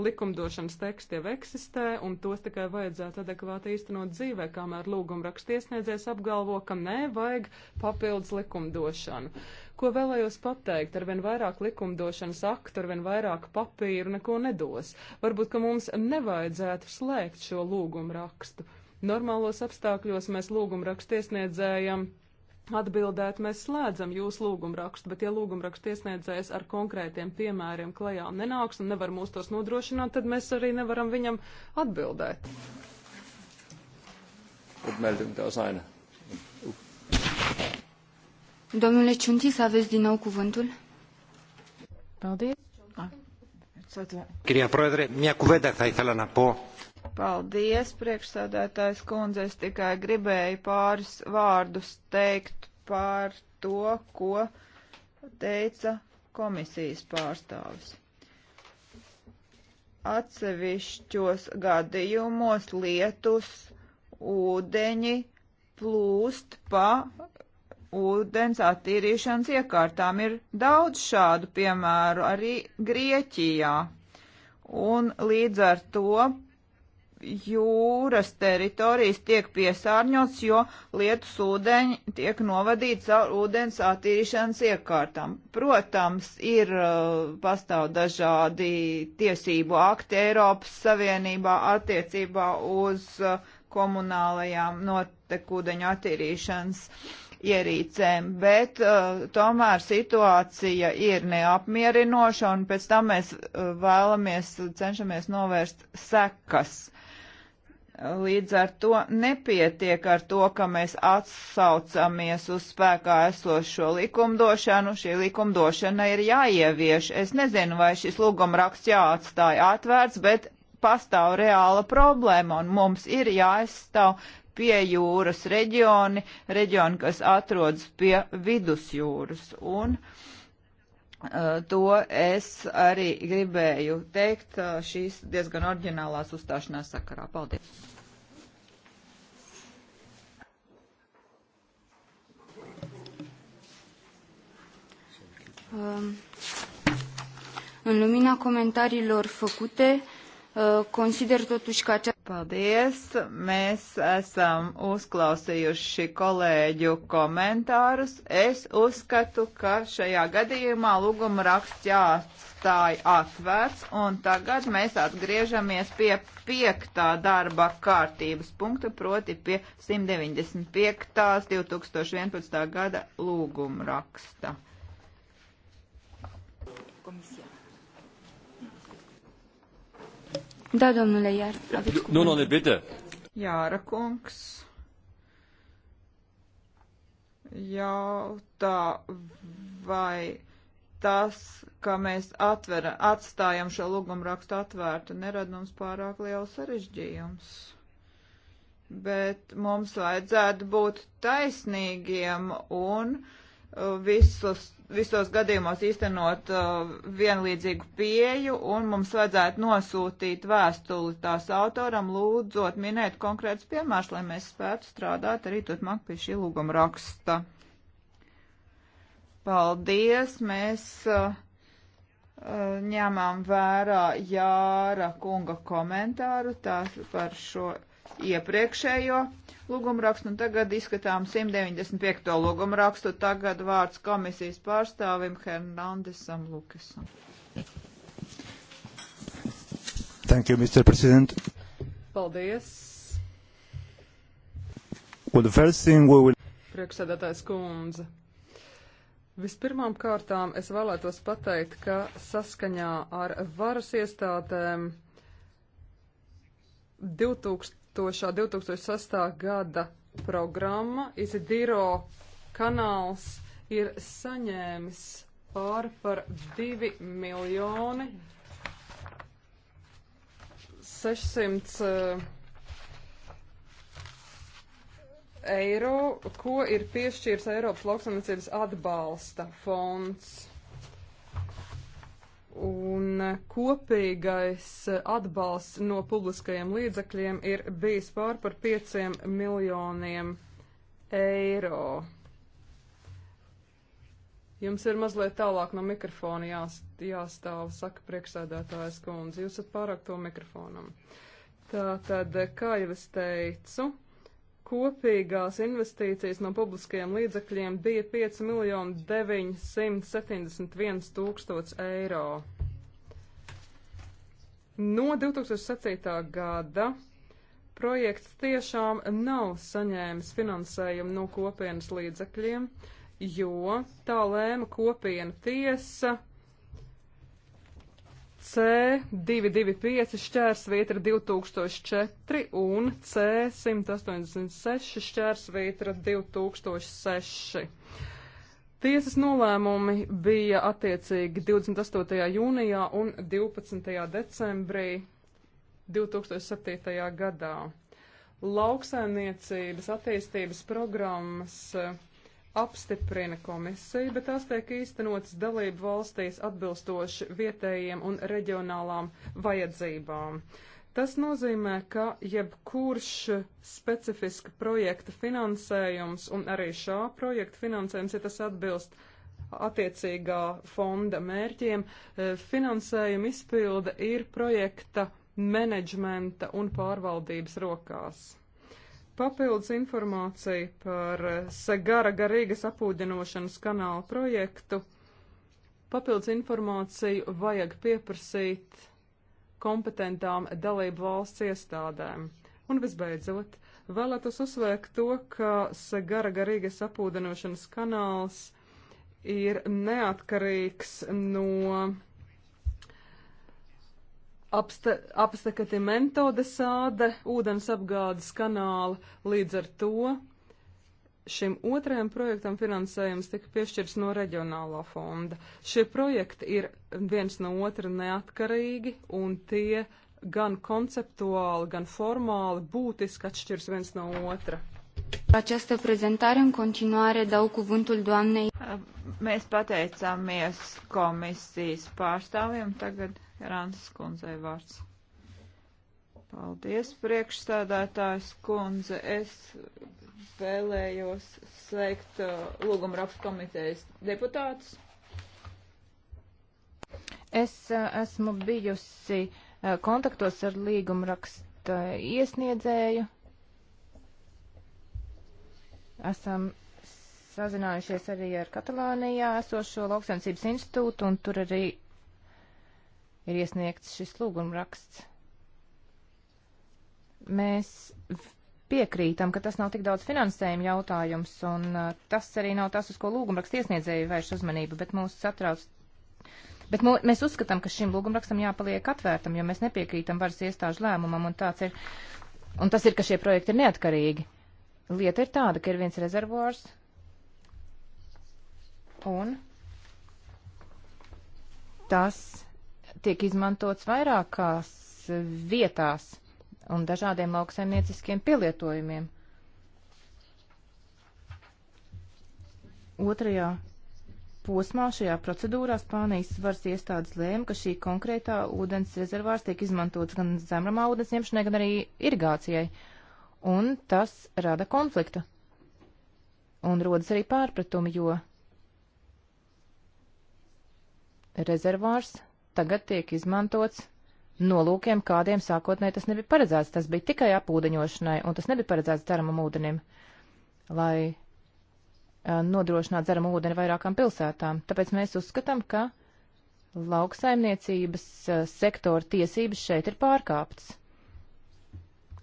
likumdošanas teksti jau eksistē un tos tikai vajadzētu adekvāti īstenot dzīvē, kamēr lūguma rakstiesniedzējs apgalvo, ka nē, vajag papildus likumdošanu. Ko vēlējos pateikt, ar vien vairāk likumdošanas aktu, ar vien vairāk papīru neko nedos. Varbūt, ka mums nevajadzētu slēgt šo lūgumu rakstu Normālos apstākļos mēs lūgumrakstu iesniedzējam atbildēt, mēs slēdzam jūsu lūgumrakstu, bet ja lūgumrakstu iesniedzējs ar konkrētiem piemēriem klajā nenāks un nevar mūs tos nodrošināt, tad mēs arī nevaram viņam atbildēt.
Domnule Ciuntis, aveți din
nou cuvântul? Paldies.
Κυρία Πρόεδρε,
μια κουβέντα θα ήθελα να πω. Paldies, priekšsādātājs kundze. Es tikai gribēju pāris vārdus teikt par to, ko teica komisijas pārstāvis. Atsevišķos gadījumos lietus ūdeņi plūst pa ūdens attīrīšanas iekārtām. Ir daudz šādu piemēru arī Grieķijā. Un līdz ar to jūras teritorijas tiek piesārņots, jo lietus ūdeņi tiek novadīts ar ūdens attīrīšanas iekārtām. Protams, ir uh, pastāv dažādi tiesību akti Eiropas Savienībā attiecībā uz uh, komunālajām notekūdeņu attīrīšanas ierīcēm, bet uh, tomēr situācija ir neapmierinoša un pēc tam mēs uh, vēlamies, cenšamies novērst sekas. Līdz ar to nepietiek ar to, ka mēs atsaucamies uz spēkā esošo likumdošanu. Šī likumdošana ir jāievieš. Es nezinu, vai šis lūgumraksts jāatstāja atvērts, bet pastāv reāla problēma un mums ir jāaizstāv pie jūras reģioni, reģioni, kas atrodas pie vidusjūras. Un, uh, Eh, to es arī gribēju teikt eh, šīs diezgan orģinālās uzstāšanās sakarā. Paldies!
Um, în lumina comentariilor făcute, uh,
Uh, consider totuși că acea... Paldies! Mēs esam uzklausījuši kolēģu komentārus. Es uzskatu, ka šajā gadījumā lūguma raksts jāatstāja atvērts, un tagad mēs atgriežamies pie piektā darba kārtības punkta, proti pie 195. 2011. gada lūguma raksta. Da, domnule Iar. Nu,
nu,
nu, ne, bitte.
Jāra kungs. Jautā, vai tas, ka mēs atvera, atstājam šo lūgumrakstu atvērtu, nerad mums pārāk liels sarežģījums. Bet mums vajadzētu būt taisnīgiem un uh, visus, visos gadījumos īstenot uh, vienlīdzīgu pieju, un mums vajadzētu nosūtīt vēstuli tās autoram, lūdzot minēt konkrētus piemērus, lai mēs spētu strādāt arī turpmāk pie šī lūguma raksta. Paldies! Mēs uh, uh ņemam vērā Jāra kunga komentāru par šo iepriekšējo lūgumrakstu, un tagad izskatām 195. lūgumrakstu. Tagad vārds komisijas pārstāvim Hernandesam Lukasam.
Thank you, Mr. President. Paldies. Well, the first thing we will...
Priekšsēdētājs kundze. Vispirmām kārtām es vēlētos pateikt, ka saskaņā ar varas iestādēm 2000 nākošā 2008. gada programma Izidiro kanāls ir saņēmis pāri par 2 miljoni 600 e, eiro, ko ir piešķīrs Eiropas lauksaimniecības atbalsta fonds un eh, kopīgais eh, atbalsts no publiskajiem līdzekļiem ir bijis pār par 5 miljoniem eiro. Jums ir mazliet tālāk no mikrofona jās, jāstāv, saka priekšsēdētājas kundze. Jūs esat pārāk to mikrofonam. Tā tad, eh, kā jau es teicu, kopīgās investīcijas no publiskajiem līdzekļiem bija 5 miljoni 971 tūkstots eiro. No 2007. gada projekts tiešām nav saņēmis finansējumu no kopienas līdzekļiem, jo tā lēma kopiena tiesa C225 šķērsvietra 2004 un C186 šķērsvietra 2006. Tiesas nolēmumi bija attiecīgi 28. jūnijā un 12. decembrī 2007. gadā. Lauksaimniecības attīstības programmas eh, apstiprina komisija, bet tās tiek īstenotas dalību valstīs atbilstoši vietējiem un reģionālām vajadzībām. Uh, Tas nozīmē, ka jebkurš specifiska projekta finansējums un arī šā projekta finansējums, ja tas atbilst attiecīgā fonda mērķiem, e, finansējuma izpilde ir projekta menedžmenta un pārvaldības rokās. Papildus informācija par Segara garīgas apūdinošanas kanāla projektu. Papildus informāciju vajag pieprasīt kompetentām dalību valsts iestādēm. Un visbeidzot, vēlētos uzsvērt to, ka Segara garīgas apūdenošanas kanāls ir neatkarīgs no apstekati mentode sāde, ūdens apgādes kanāla, līdz ar to Šim otrajam projektam finansējums tika piešķirs no reģionālā fonda. Šie projekti ir viens no otra neatkarīgi, un tie gan konceptuāli, gan formāli būtiski atšķirs viens no otra.
Această prezentare în continuare dau cuvântul doamnei.
Mēs
pateicamies komisijas pārstāvjiem, tagad Rāns kundzei vārds. Paldies, priekšstādātājs kundze. Es vēlējos sveikt uh, lūguma rakstu komitejas deputātus.
Es uh, esmu bijusi uh, kontaktos ar līguma raksta iesniedzēju. Esam sazinājušies arī ar Katalānijā esošo lauksensības institūtu, un tur arī ir iesniegts šis lūgumraksts. Mēs piekrītam, ka tas nav tik daudz finansējuma jautājums, un uh, tas arī nav tas, uz ko lūgumraksts iesniedzēju vērš uzmanību, bet mūs satrauc. Bet mū, mēs uzskatām, ka šim lūgumrakstam jāpaliek atvērtam, jo mēs nepiekrītam varas iestāžu lēmumam, un, tāds ir, un tas ir, ka šie projekti ir neatkarīgi. Lieta ir tāda, ka ir viens rezervors, un tas tiek izmantots vairākās vietās un dažādiem lauksaimnieciskiem pielietojumiem. Otrajā posmā šajā procedūrā Spānijas varas iestādes lēma, ka šī konkrētā ūdens rezervārs tiek izmantots gan zemramā ūdens ņemšanai, gan arī irigācijai, un tas rada konfliktu. Un rodas arī pārpratumi, jo rezervārs tagad tiek izmantots nolūkiem, kādiem sākotnēji tas nebija paredzēts. Tas bija tikai apūdeņošanai, un tas nebija paredzēts dzeramam ūdenim, lai uh, nodrošinātu dzeramu ūdeni vairākām pilsētām. Tāpēc mēs uzskatām, ka lauksaimniecības uh, sektora tiesības šeit ir pārkāptas.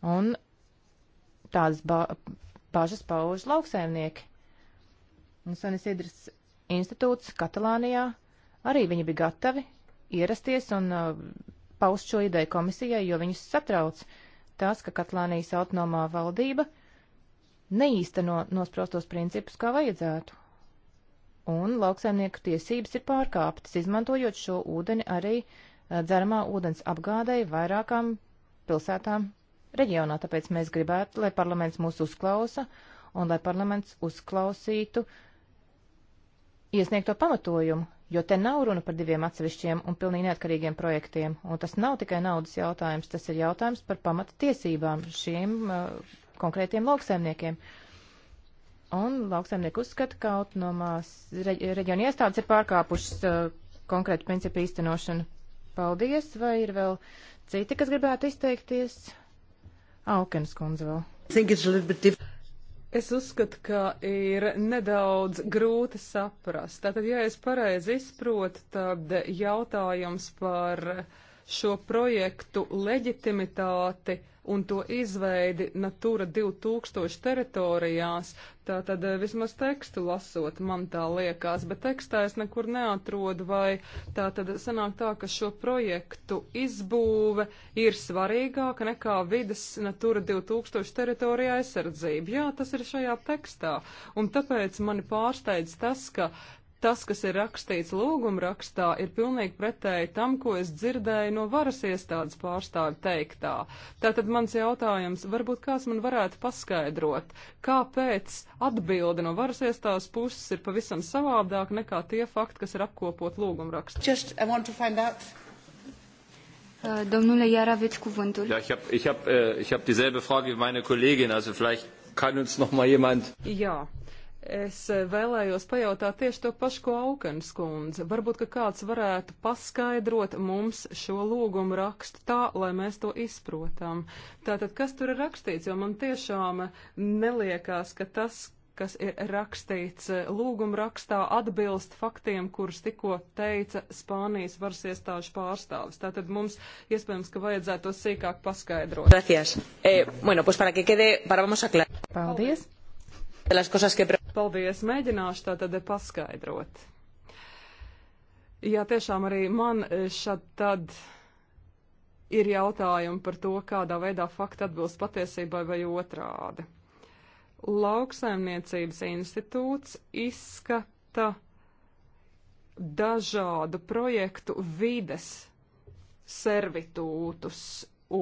Un tādas ba bažas pauž lauksaimnieki. Un Sanis Idris institūts Katalānijā arī viņi bija gatavi ierasties un uh, paust šo ideju komisijai, jo viņus satrauc tas, ka Katlānijas autonomā valdība neīsteno nosprostos principus, kā vajadzētu. Un lauksaimnieku tiesības ir pārkāptas, izmantojot šo ūdeni arī eh, dzeramā ūdens apgādēji vairākām pilsētām reģionā. Tāpēc mēs gribētu, lai parlaments mūs uzklausa un lai parlaments uzklausītu iesniegto pamatojumu Jo te nav runa par diviem atsevišķiem un pilnīgi neatkarīgiem projektiem. Un tas nav tikai naudas jautājums, tas ir jautājums par pamata tiesībām šiem uh, konkrētiem lauksaimniekiem. Un lauksaimnieku uzskata, ka autonomās reģiona iestādes ir pārkāpušas uh, konkrētu principu īstenošanu. Paldies, vai ir vēl citi, kas gribētu izteikties? Aukens kundze vēl.
Es uzskatu, ka ir nedaudz grūti saprast. Tātad, ja es pareizi izprotu, tad jautājums par šo projektu leģitimitāti un to izveidi Natura 2000 teritorijās, tātad eh, vismaz tekstu lasot, man tā liekas, bet tekstā es nekur neatrodu, vai tātad sanāk tā, ka šo projektu izbūve ir svarīgāka nekā vidas Natura 2000 teritorija aizsardzība. Jā, tas ir šajā tekstā, un tāpēc mani pārsteidz tas, ka tas, kas ir rakstīts lūgumrakstā, ir pilnīgi pretēji tam, ko es dzirdēju no varas iestādes pārstāvi teiktā. Tātad mans jautājums, varbūt kāds man varētu paskaidrot, kāpēc atbilde no varas iestādes puses ir pavisam savādāk nekā tie fakti, kas ir apkopot lūgumrakstā? Just, äh,
Domnule Iar,
aveți cuvântul. Ja, ich habe ich hab, äh, ich hab dieselbe Frage wie meine Kollegin, also vielleicht kann uns noch mal jemand... Ja, Es eh, vēlējos pajautāt tieši to pašu, ko Aukens kundze. Varbūt, ka kāds varētu paskaidrot mums šo lūgumu rakstu tā, lai mēs to izprotam. Tātad, kas tur ir rakstīts, jo man tiešām neliekās, ka tas, kas ir rakstīts eh, lūgumu rakstā, atbilst faktiem, kurus tikko teica Spānijas varas iestāžu pārstāvis. Tātad mums iespējams, ka vajadzētu to sīkāk paskaidrot. Gracias. Eh, bueno, pues para que quede, para vamos aclarar. Paldies. Paldies. Paldies, mēģināšu tātad paskaidrot. Jā, tiešām arī man e, šad tad ir jautājumi par to, kādā veidā fakti atbilst patiesībai vai otrādi. Lauksaimniecības institūts izskata dažādu projektu vides servitūtus,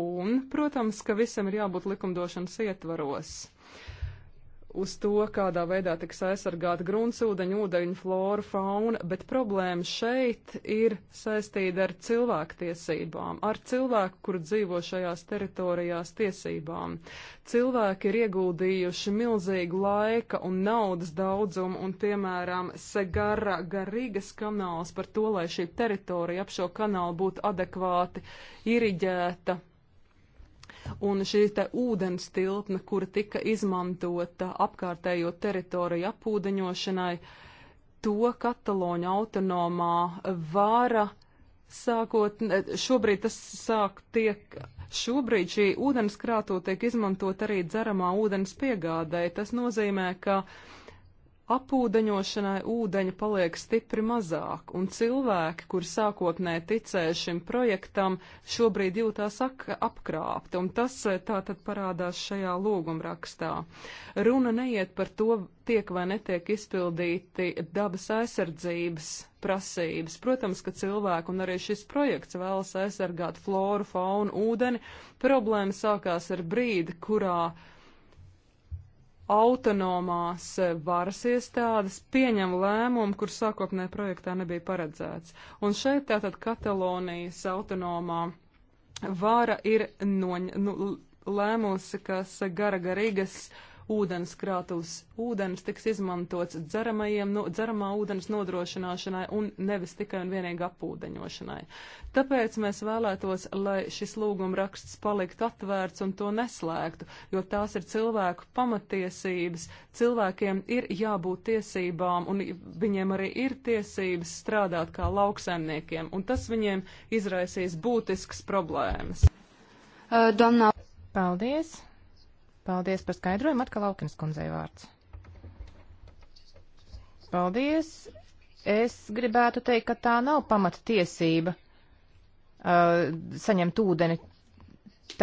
un, protams, ka visam ir jābūt likumdošanas ietvaros uz to, kādā veidā tiks aizsargāta gruntsūdeņa, ūdeņu flora, fauna, bet problēma šeit ir saistīta ar cilvēktiesībām, ar cilvēku, kur dzīvo šajās teritorijās tiesībām. Cilvēki ir ieguldījuši milzīgu laika un naudas daudzumu un, piemēram, Segara Garīgas kanāls par to, lai šī teritorija ap šo kanālu būtu adekvāti iriģēta Un šī te ūdens tilpne, kura tika izmantota apkārtējo teritoriju apūdeņošanai, to Kataloņa autonomā vara sākot, šobrīd tas sāk tiek, šobrīd šī ūdenskrāto tiek izmantot arī dzeramā ūdens piegādē. Tas nozīmē, ka uh, apūdeņošanai ūdeņa paliek stipri mazāk, un cilvēki, kuri sākotnē ticēja šim projektam, šobrīd jūtās apkrāpti, un tas eh, tā tad parādās šajā lūgumrakstā. Runa neiet par to, tiek vai netiek izpildīti dabas aizsardzības prasības. Protams, ka cilvēki un arī šis projekts vēlas aizsargāt floru, faunu, ūdeni. Problēma sākās ar brīdi, kurā autonomās eh, varas iestādes pieņem lēmumu, kur sākotnē projektā nebija paredzēts. Un šeit tātad Katalonijas autonomā vara ir noņ, nu, lēmusi, kas gara garīgas uh, ūdenskrātuvs ūdens tiks izmantots dzeramajiem, no, dzeramā ūdens nodrošināšanai un nevis tikai un vienīgi apūdeņošanai. Tāpēc mēs vēlētos, lai šis lūguma raksts paliktu atvērts un to neslēgtu, jo tās ir cilvēku pamatiesības. Cilvēkiem ir jābūt tiesībām un viņiem arī ir tiesības strādāt kā lauksaimniekiem, un tas viņiem izraisīs būtisks problēmas.
Domnā. Paldies! Paldies par skaidrojumu. Atkal Aukins kundzei vārds. Paldies. Es gribētu teikt, ka tā nav pamata tiesība uh, saņemt ūdeni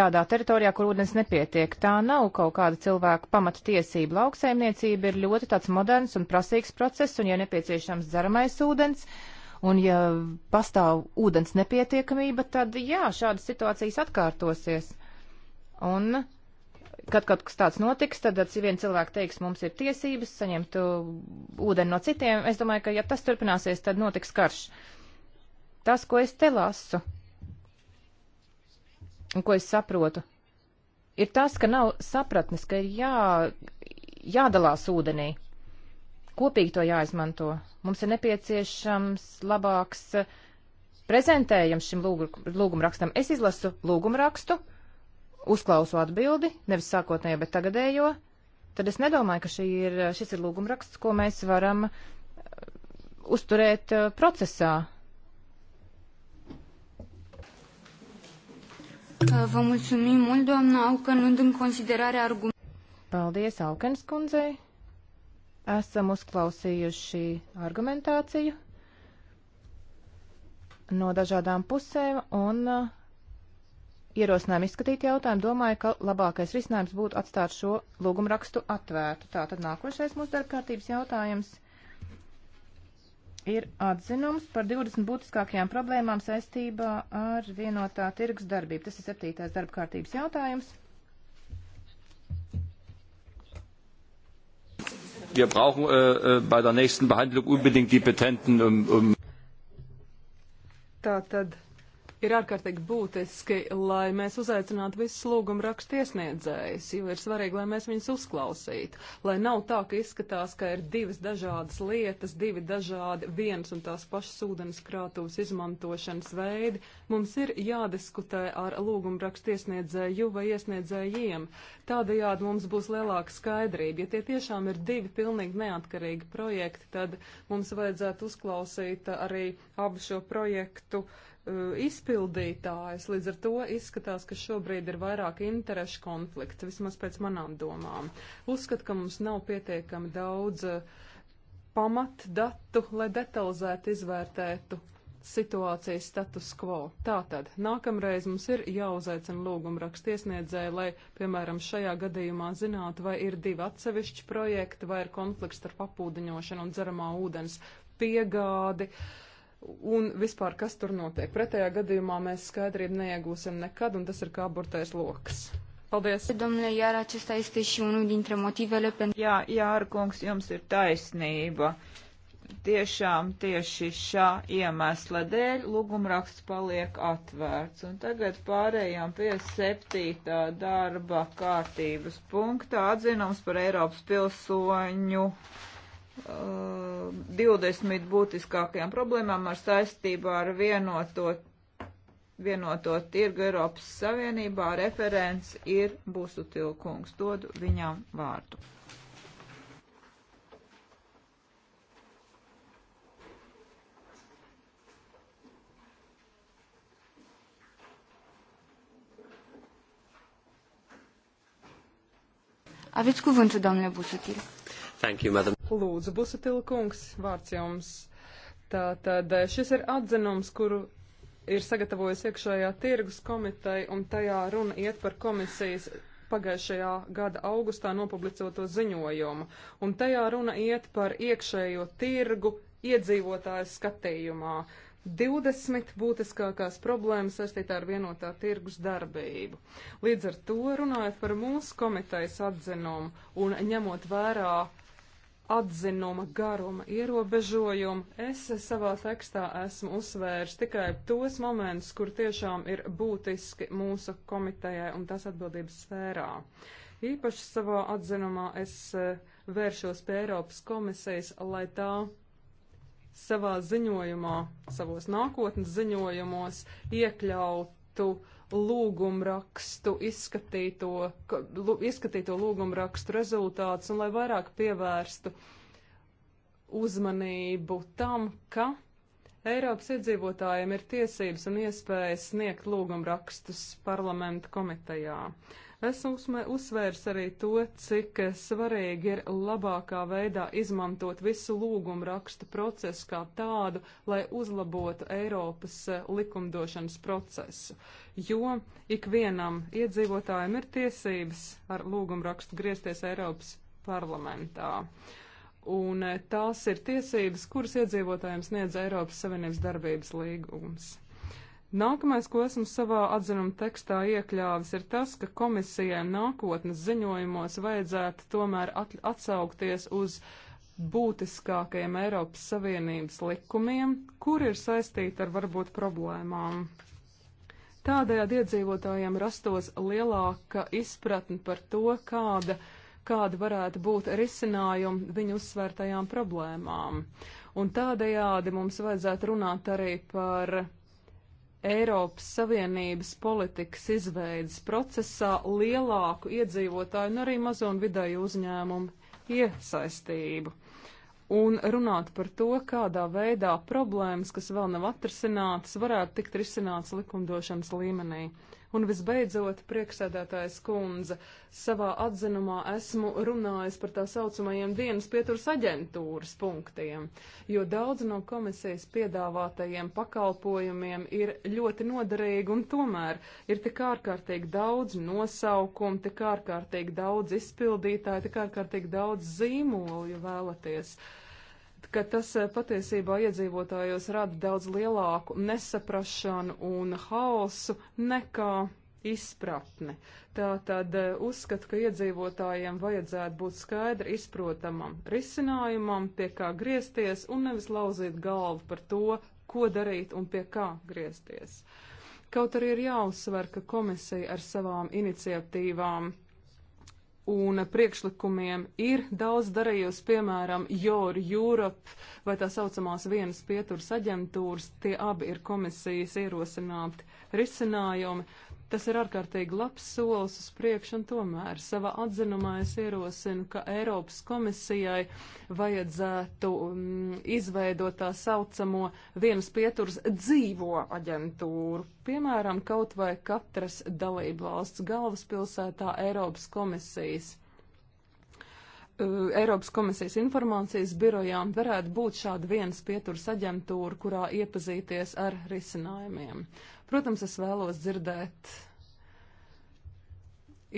tādā teritorijā, kur ūdens nepietiek. Tā nav kaut kāda cilvēka pamata tiesība. Lauksaimniecība ir ļoti tāds moderns un prasīgs process, un, ja nepieciešams dzeramais ūdens, un ja pastāv ūdens nepietiekamība, tad jā, šādas situācijas atkārtosies. Un uh, kad kaut kas tāds notiks, tad, tad viens cilvēks teiks, mums ir tiesības saņemt uh, ūdeni no citiem. Es domāju, ka ja tas turpināsies, tad notiks karš. Tas, ko es te lasu un ko es saprotu, ir tas, ka nav sapratnes, ka ir jā, jādalās ūdenī. Kopīgi to jāizmanto. Mums ir nepieciešams labāks uh, prezentējums šim lūgumrakstam. Es izlasu lūgumrakstu. rakstu uzklausu atbildi, nevis sākotnējo, bet tagadējo, tad es nedomāju, ka ir, šis ir lūgumraksts, ko mēs varam uh, uzturēt uh, procesā. Uh,
vă mulțumim mult, doamna Aucan, luând în considerare argumentul. Paldies Aukens kundzei.
Esam uzklausījuši argumentāciju no dažādām pusēm un uh, ierosinājumu izskatīt jautājumu, domāju, ka labākais risinājums būtu atstāt šo lūgumrakstu atvērtu. Tātad nākošais mūsu darbkārtības jautājums ir atzinums par 20 būtiskākajām problēmām saistībā ar vienotā tirgus darbību. Tas ir septītais darbkārtības jautājums.
Wir brauchen äh, äh bei der nächsten Behandlung unbedingt die Petenten um. um
Tātad ir ārkārtīgi būtiski, lai mēs uzaicinātu visus lūgumu rakstu iesniedzējus, jo ir svarīgi, lai mēs viņus uzklausītu, lai nav tā, ka izskatās, ka ir divas dažādas lietas, divi dažādi viens un tās pašas ūdens krātuvas izmantošanas veidi. Mums ir jādiskutē ar lūgumu rakstu iesniedzēju vai iesniedzējiem. Tādējādi mums būs lielāka skaidrība. Ja tie tiešām ir divi pilnīgi neatkarīgi projekti, tad mums vajadzētu uzklausīt arī abu šo projektu uh, Uh, izpildītājs. Līdz ar to izskatās, ka šobrīd ir vairāk interešu konflikta, vismaz pēc manām domām. Uzskat, ka mums nav pietiekami daudz uh, pamatdatu, lai detalizēti izvērtētu situācijas status quo. Tātad nākamreiz mums ir jāuzaicina lūguma rakstiesniedzēja, lai, piemēram, šajā gadījumā zinātu, vai ir divi atsevišķi projekti, vai ir konflikts ar papūdiņošanu un dzeramā ūdens piegādi. Uh, un vispār kas tur notiek. Pretējā gadījumā mēs skaidrību neiegūsim nekad, un tas ir kā burtais lokas.
Paldies! Domnule, iar acesta este și unul dintre motivele pentru... Jā, Jāra kungs, jums ir taisnība. Tiešām tieši šā iemesla dēļ lūgumraksts paliek atvērts. Un tagad pārējām pie septītā darba kārtības punktā atzinums par Eiropas pilsoņu 20 uh, būtiskākajām problēmām ar saistībā ar vienoto, vienoto tirgu Eiropas Savienībā. Referents ir Busutilkungs. Dodu viņam vārdu.
Aveți cuvântul, domnule Busutil. Thank you, madam. Lūdzu, Busatilkungs, vārds jums. Tātad eh, šis ir atzinums, kuru ir sagatavojis iekšējā tirgus komiteja, un tajā runa iet par komisijas pagājušajā gada augustā nopublicoto ziņojumu. Un tajā runa iet par iekšējo tirgu iedzīvotāju skatījumā. 20 būtiskākās problēmas saistītā ar vienotā tirgus darbību. Līdz ar to runājot par mūsu komitejas atzinumu un ņemot vērā uh, atzinuma garuma ierobežojumu. Es savā tekstā esmu uzsvērs tikai tos momentus, kur tiešām ir būtiski mūsu komitejai un tas atbildības sfērā. Īpaši savā atzinumā es e, vēršos pie Eiropas komisijas, lai tā savā ziņojumā, savos nākotnes ziņojumos iekļautu uh, lūgumrakstu izskatīto, izskatīto lūgumrakstu rezultātus un lai vairāk pievērstu uzmanību tam, ka Eiropas iedzīvotājiem ir tiesības un iespējas sniegt lūgumrakstus parlamenta komitejā. Uh, Esmu uzsvērs arī to, cik svarīgi ir labākā veidā izmantot visu lūgumu rakstu procesu kā tādu, lai uzlabotu Eiropas e, likumdošanas procesu. Jo ikvienam iedzīvotājiem ir tiesības ar lūgumu rakstu griezties Eiropas parlamentā. Un e, tās ir tiesības, kuras iedzīvotājiem sniedz Eiropas Savienības darbības līgums. Nākamais, ko esmu savā atzinuma tekstā iekļāvis, ir tas, ka komisijai nākotnes ziņojumos vajadzētu tomēr atsaukties uz būtiskākajiem Eiropas Savienības likumiem, kur ir saistīti ar varbūt problēmām. Tādējādi iedzīvotājiem rastos lielāka izpratne par to, kāda, kāda varētu būt risinājumi viņu uzsvērtajām problēmām. Un tādējādi mums vajadzētu runāt arī par Eiropas Savienības politikas izveidas procesā lielāku iedzīvotāju un arī mazo un vidēju uzņēmumu iesaistību. Un runāt par to, kādā veidā problēmas, kas vēl nav atrasinātas, varētu tikt risināts likumdošanas līmenī. Un visbeidzot, priekšsēdētājs kundze, savā atzinumā esmu runājis par tā saucamajiem dienas pieturas aģentūras punktiem, jo daudz no komisijas piedāvātajiem pakalpojumiem ir ļoti noderīgi un tomēr ir tik ārkārtīgi daudz nosaukumu, tik ārkārtīgi daudz izpildītāju, tik ārkārtīgi daudz zīmolu, ja vēlaties ka tas eh, patiesībā iedzīvotājos rada daudz lielāku nesaprašanu un haosu nekā izpratni. Tā tad eh, uzskatu, ka iedzīvotājiem vajadzētu būt skaidri izprotamam risinājumam, pie kā griezties un nevis lauzīt galvu par to, ko darīt un pie kā griezties. Kaut arī ir jāuzsver, ka komisija ar savām iniciatīvām un priekšlikumiem ir daudz darījusi, piemēram, Jor Europe vai tā saucamās vienas pieturas aģentūras, tie abi ir komisijas ierosināti risinājumi, Tas ir ārkārtīgi labs solis uz priekšu, un tomēr savā atzinumā es ierosinu, ka Eiropas komisijai vajadzētu mm, izveidot tā saucamo vienas pieturas dzīvo aģentūru. Piemēram, kaut vai katras dalību valsts galvaspilsētā Eiropas komisijas. E, Eiropas komisijas informācijas birojām varētu būt šāda vienas pieturas aģentūra, kurā iepazīties ar risinājumiem. Protams, es vēlos dzirdēt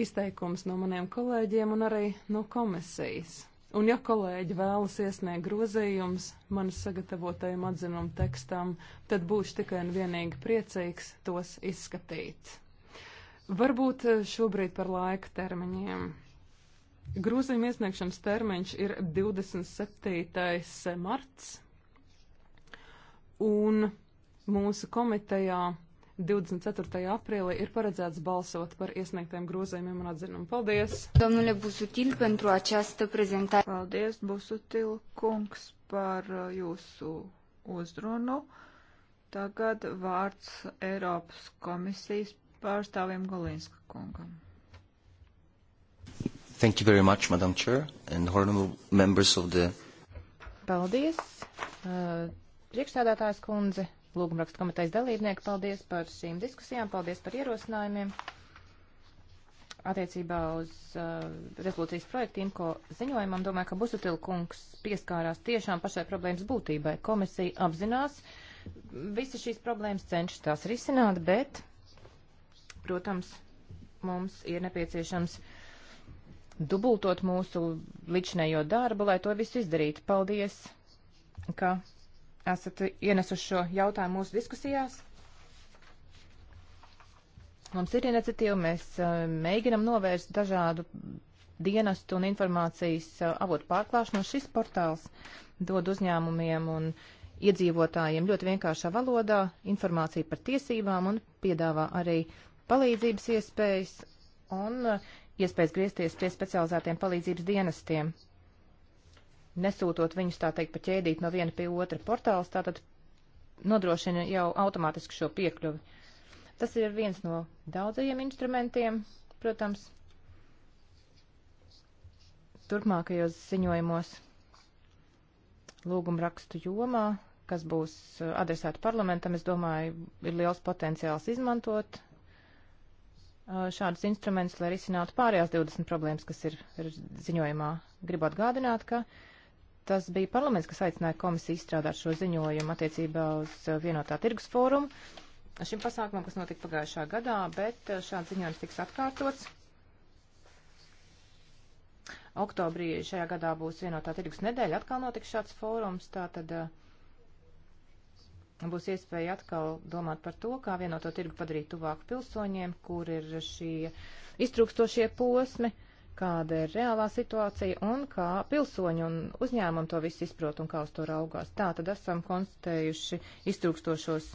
izteikums no maniem kolēģiem un arī no komisijas. Un ja kolēģi vēlas iesniegt grozījums manas sagatavotajam atzinuma tekstam, tad būšu tikai un vienīgi priecīgs tos izskatīt. Varbūt eh, šobrīd par laika termiņiem. Grūzījuma iesniegšanas termiņš ir 27. marts, un mūsu komitejā 24. aprīlī ir paredzēts balsot par iesniegtiem grozējumiem un atzinumu. Paldies! Domnule Busutil, pentru această prezentare. Paldies, Busutil kungs, par uh, jūsu uzrunu.
Tagad vārds Eiropas komisijas pārstāvim Golinska kungam.
Thank you very much, Madam Chair, and honorable
members of the.
Paldies, uh, priekšstādātājs kundze, lūgumrakstu komitejas dalībnieki. Paldies par šīm diskusijām, paldies par ierosinājumiem. Attiecībā uz uh, rezolūcijas projektu IMCO ziņojumam domāju, ka Busutil kungs pieskārās tiešām pašai problēmas būtībai. Komisija apzinās visas šīs problēmas, cenšas tās risināt, bet, protams, mums ir nepieciešams dubultot mūsu ličnējo darbu, lai to visu izdarītu. Paldies, ka esat ienesuši šo jautājumu mūsu diskusijās. Mums ir iniciatīva, mēs uh, mēģinam novērst dažādu dienestu un informācijas uh, avotu pārklāšanos. Šis portāls dod uzņēmumiem un iedzīvotājiem ļoti vienkāršā valodā informāciju par tiesībām un piedāvā arī palīdzības iespējas un uh, iespējas griezties pie specializētiem palīdzības dienestiem nesūtot viņus tā teikt pa ķēdīt no viena pie otra portāls, tātad nodrošina jau automātiski šo piekļuvi. Tas ir viens no daudzajiem instrumentiem, protams, turpmākajos ziņojumos lūgumrakstu jomā, kas būs uh, adresēta parlamentam, es domāju, ir liels potenciāls izmantot uh, šādus instrumentus, lai risinātu pārējās 20 problēmas, kas ir, ir ziņojumā. Gribu atgādināt, ka uh, tas bija parlaments, kas aicināja komisiju izstrādāt šo ziņojumu attiecībā uz uh, vienotā tirgus fórumu. Šim pasākumam, kas notika pagājušā gadā, bet uh, šāds ziņojums tiks atkārtots. Oktobrī šajā gadā būs vienotā tirgus nedēļa, atkal notiks šāds fórums, tātad uh, būs iespēja atkal domāt par to, kā vienoto tirgu padarīt tuvāku pilsoņiem, kur ir šie iztrūkstošie posmi. Uh, kāda ir reālā situācija un kā pilsoņi un uzņēmumi to visu izprot un kā uz to raugās. Tā tad esam konstatējuši iztrūkstošos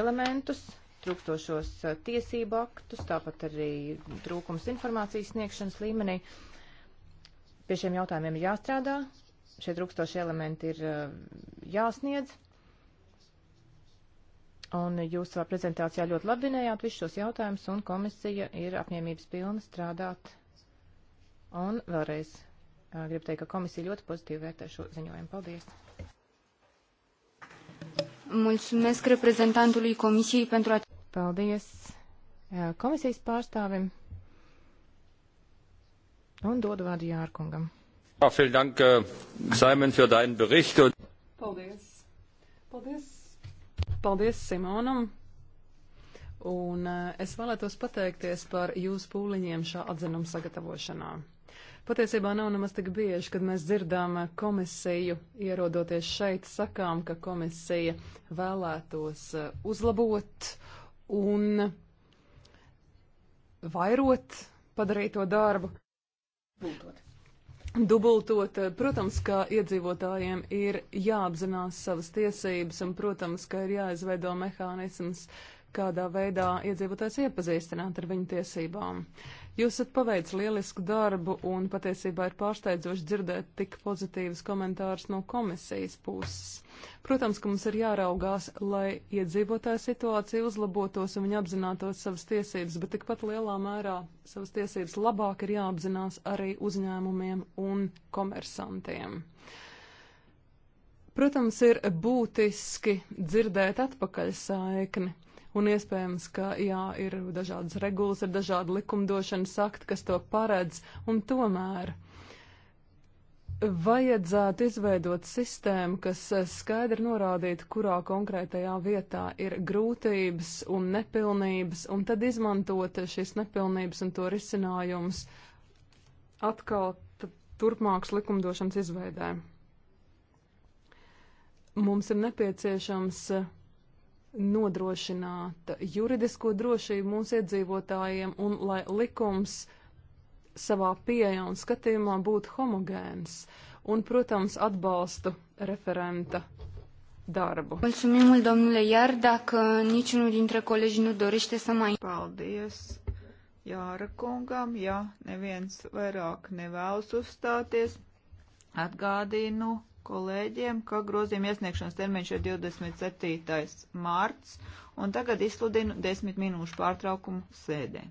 elementus, trūkstošos eh, tiesību aktus, tāpat arī trūkums informācijas sniegšanas līmenī. Pie šiem jautājumiem ir jāstrādā, šie trūkstošie elementi ir eh, jāsniedz. Un jūs savā prezentācijā ļoti labi minējāt visus šos jautājumus, un komisija ir apņēmības pilna strādāt Un vēlreiz gribu teikt, ka komisija ļoti pozitīvi vērtē šo ziņojumu. Paldies!
Mulțumesc reprezentantului Comisiei pentru acest. Paldies komisijas pārstāvim un dodu vārdu Jārkungam.
Jā, vielen dank, Simon, für deinen Bericht. Un... Paldies. Paldies. Paldies Simonam. Un es vēlētos pateikties par jūsu pūliņiem šā atzinuma sagatavošanā. Patiesībā nav nemaz tik bieži, kad mēs dzirdām komisiju, ierodoties šeit, sakām, ka komisija vēlētos eh, uzlabot un vairot padarīto darbu. Bultot. Dubultot, protams, ka iedzīvotājiem ir jāapzinās savas tiesības un, protams, ka ir jāizveido mehānisms, uh, kādā veidā iedzīvotājs iepazīstināt ar viņu tiesībām. Jūs esat paveicis lielisku darbu un patiesībā ir pārsteidzoši dzirdēt tik pozitīvas komentārus no komisijas puses. Protams, ka mums ir jāraugās, lai iedzīvotāja situācija uzlabotos un viņi apzinātos savas tiesības, bet tikpat lielā mērā savas tiesības labāk ir jāapzinās arī uzņēmumiem un komersantiem. Protams, ir būtiski dzirdēt atpakaļ saikni un iespējams, ka jā, ir dažādas regulas, ir dažādi likumdošanas akti, kas to paredz, un tomēr vajadzētu izveidot sistēmu, kas eh, skaidri norādītu, kurā konkrētajā vietā ir grūtības un nepilnības, un tad izmantot šīs nepilnības un to risinājumus atkal turpmākas likumdošanas izveidē. Mums ir nepieciešams uh, nodrošināt juridisko drošību mūsu iedzīvotājiem un lai likums savā pieeja un skatījumā būtu homogēns un, protams, atbalstu referenta darbu. Mulțumim mult, domnule
Iar, dacă niciunul dintre colegi nu dorește să mai... Paldies
Jāra kungam, ja neviens vairāk nevēlas uzstāties, atgādīju kolēģiem, ka grozījuma iesniegšanas termiņš ir 27. marts, un tagad izsludinu 10 minūšu pārtraukumu sēdē.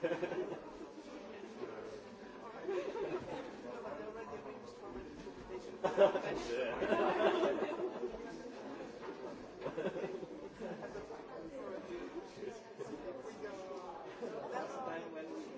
That's when we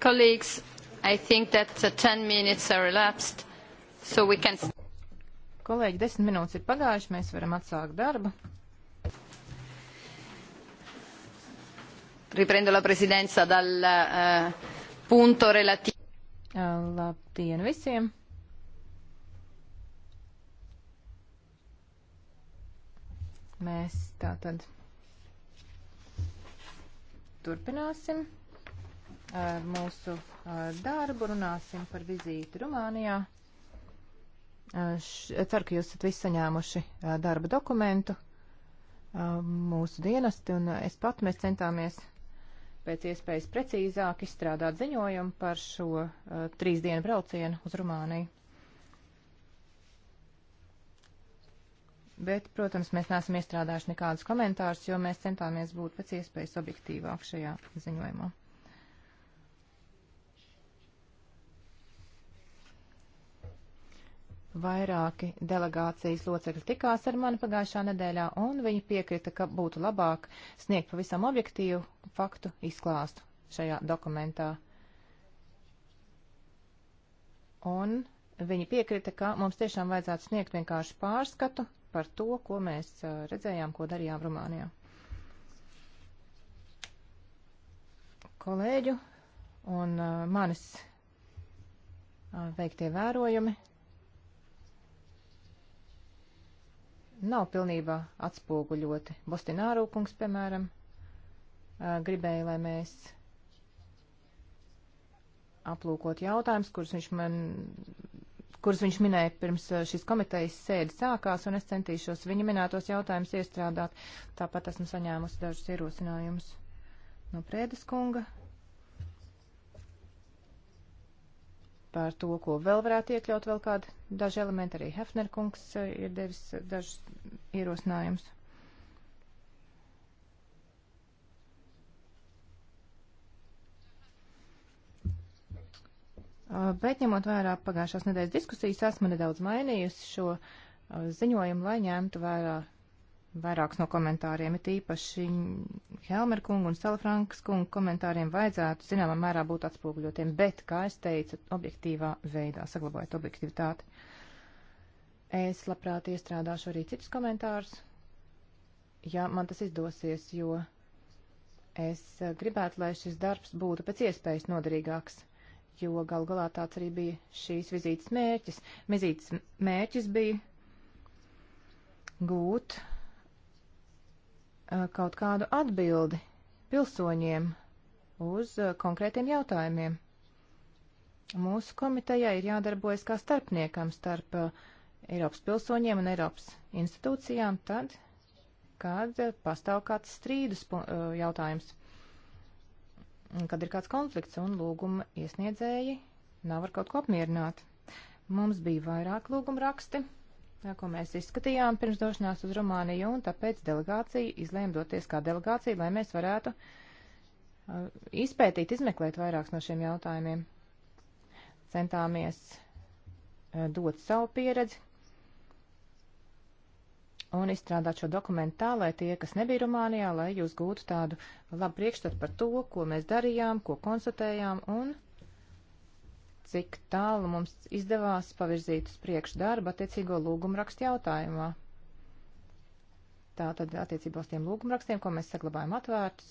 Colleagues, I think that uh, the 10 minutes are elapsed, so we can... Kolēģi,
desmit minūtes ir pagājuši, mēs varam atsākt darbu. Riprendo la presidenza dal uh, punto relativo. Uh, labdien visiem! Mēs tātad turpināsim ar mūsu darbu, runāsim par vizīti Rumānijā. Ceru, ka jūs esat visi saņēmuši darba dokumentu mūsu dienesti, un es pat mēs centāmies pēc iespējas precīzāk izstrādāt ziņojumu par šo trīs dienu braucienu uz Rumāniju. Bet, protams, mēs neesam iestrādājuši nekādus komentārus, jo mēs centāmies būt pēc iespējas objektīvāk šajā ziņojumā. Vairāki delegācijas locekļi tikās ar mani pagājušā nedēļā, un viņi piekrita, ka būtu labāk sniegt pavisam objektīvu faktu izklāstu šajā dokumentā. Un viņi piekrita, ka mums tiešām vajadzētu sniegt vienkārši pārskatu par to, ko mēs uh, redzējām, ko darījām Rumānijā. Kolēģu un uh, manis uh, veiktie vērojumi nav pilnībā atspoguļoti. Bostināru kungs, piemēram, gribēja, lai mēs aplūkot jautājumus, kurus viņš man kurus viņš minēja pirms šīs komitejas sēdes sākās, un es centīšos viņa minētos jautājumus iestrādāt. Tāpat esmu saņēmusi dažus ierosinājumus no Prēdes kunga, par to, ko vēl varētu iekļaut vēl kādi daži elementi. Arī Hefner kungs eh, ir devis dažus ierosinājumus. Eh, bet ņemot vērā pagājušās nedēļas diskusijas, esmu nedaudz mainījusi šo eh, ziņojumu, lai ņemtu vērā Vairāks no komentāriem ir īpaši Helmer kungu un Salafrankas kungu komentāriem vajadzētu zināmā mērā būt atspūgļotiem, bet, kā es teicu, objektīvā veidā, saglabājot objektivitāti. Es labprāt iestrādāšu arī citus komentārus, ja man tas izdosies, jo es gribētu, lai šis darbs būtu pēc iespējas noderīgāks jo gal galā tāds arī bija šīs vizītes mērķis. Vizītes mērķis bija gūt Uh, kaut kādu atbildi pilsoņiem uz uh, konkrētiem jautājumiem. Mūsu komitejai ir jādarbojas kā starpniekam starp uh, Eiropas pilsoņiem un Eiropas institūcijām tad, kad pastāv kāds strīdus jautājums, kad ir kāds konflikts un lūguma iesniedzēji nav var kaut ko apmierināt. Mums bija vairāk lūguma raksti ko mēs izskatījām pirms došanās uz Rumāniju, un tāpēc delegācija izlēma doties kā delegācija, lai mēs varētu uh, izpētīt, izmeklēt vairākus no šiem jautājumiem. Centāmies uh, dot savu pieredzi un izstrādāt šo dokumentu tā, lai tie, kas nebija Rumānijā, lai jūs gūtu tādu labu priekšstatu par to, ko mēs darījām, ko konstatējām, un cik tālu mums izdevās pavirzīt uz priekšu darbu attiecīgo lūgumrakstu jautājumā. Tātad attiecībā uz tiem lūgumrakstiem, ko mēs saglabājam atvērtus,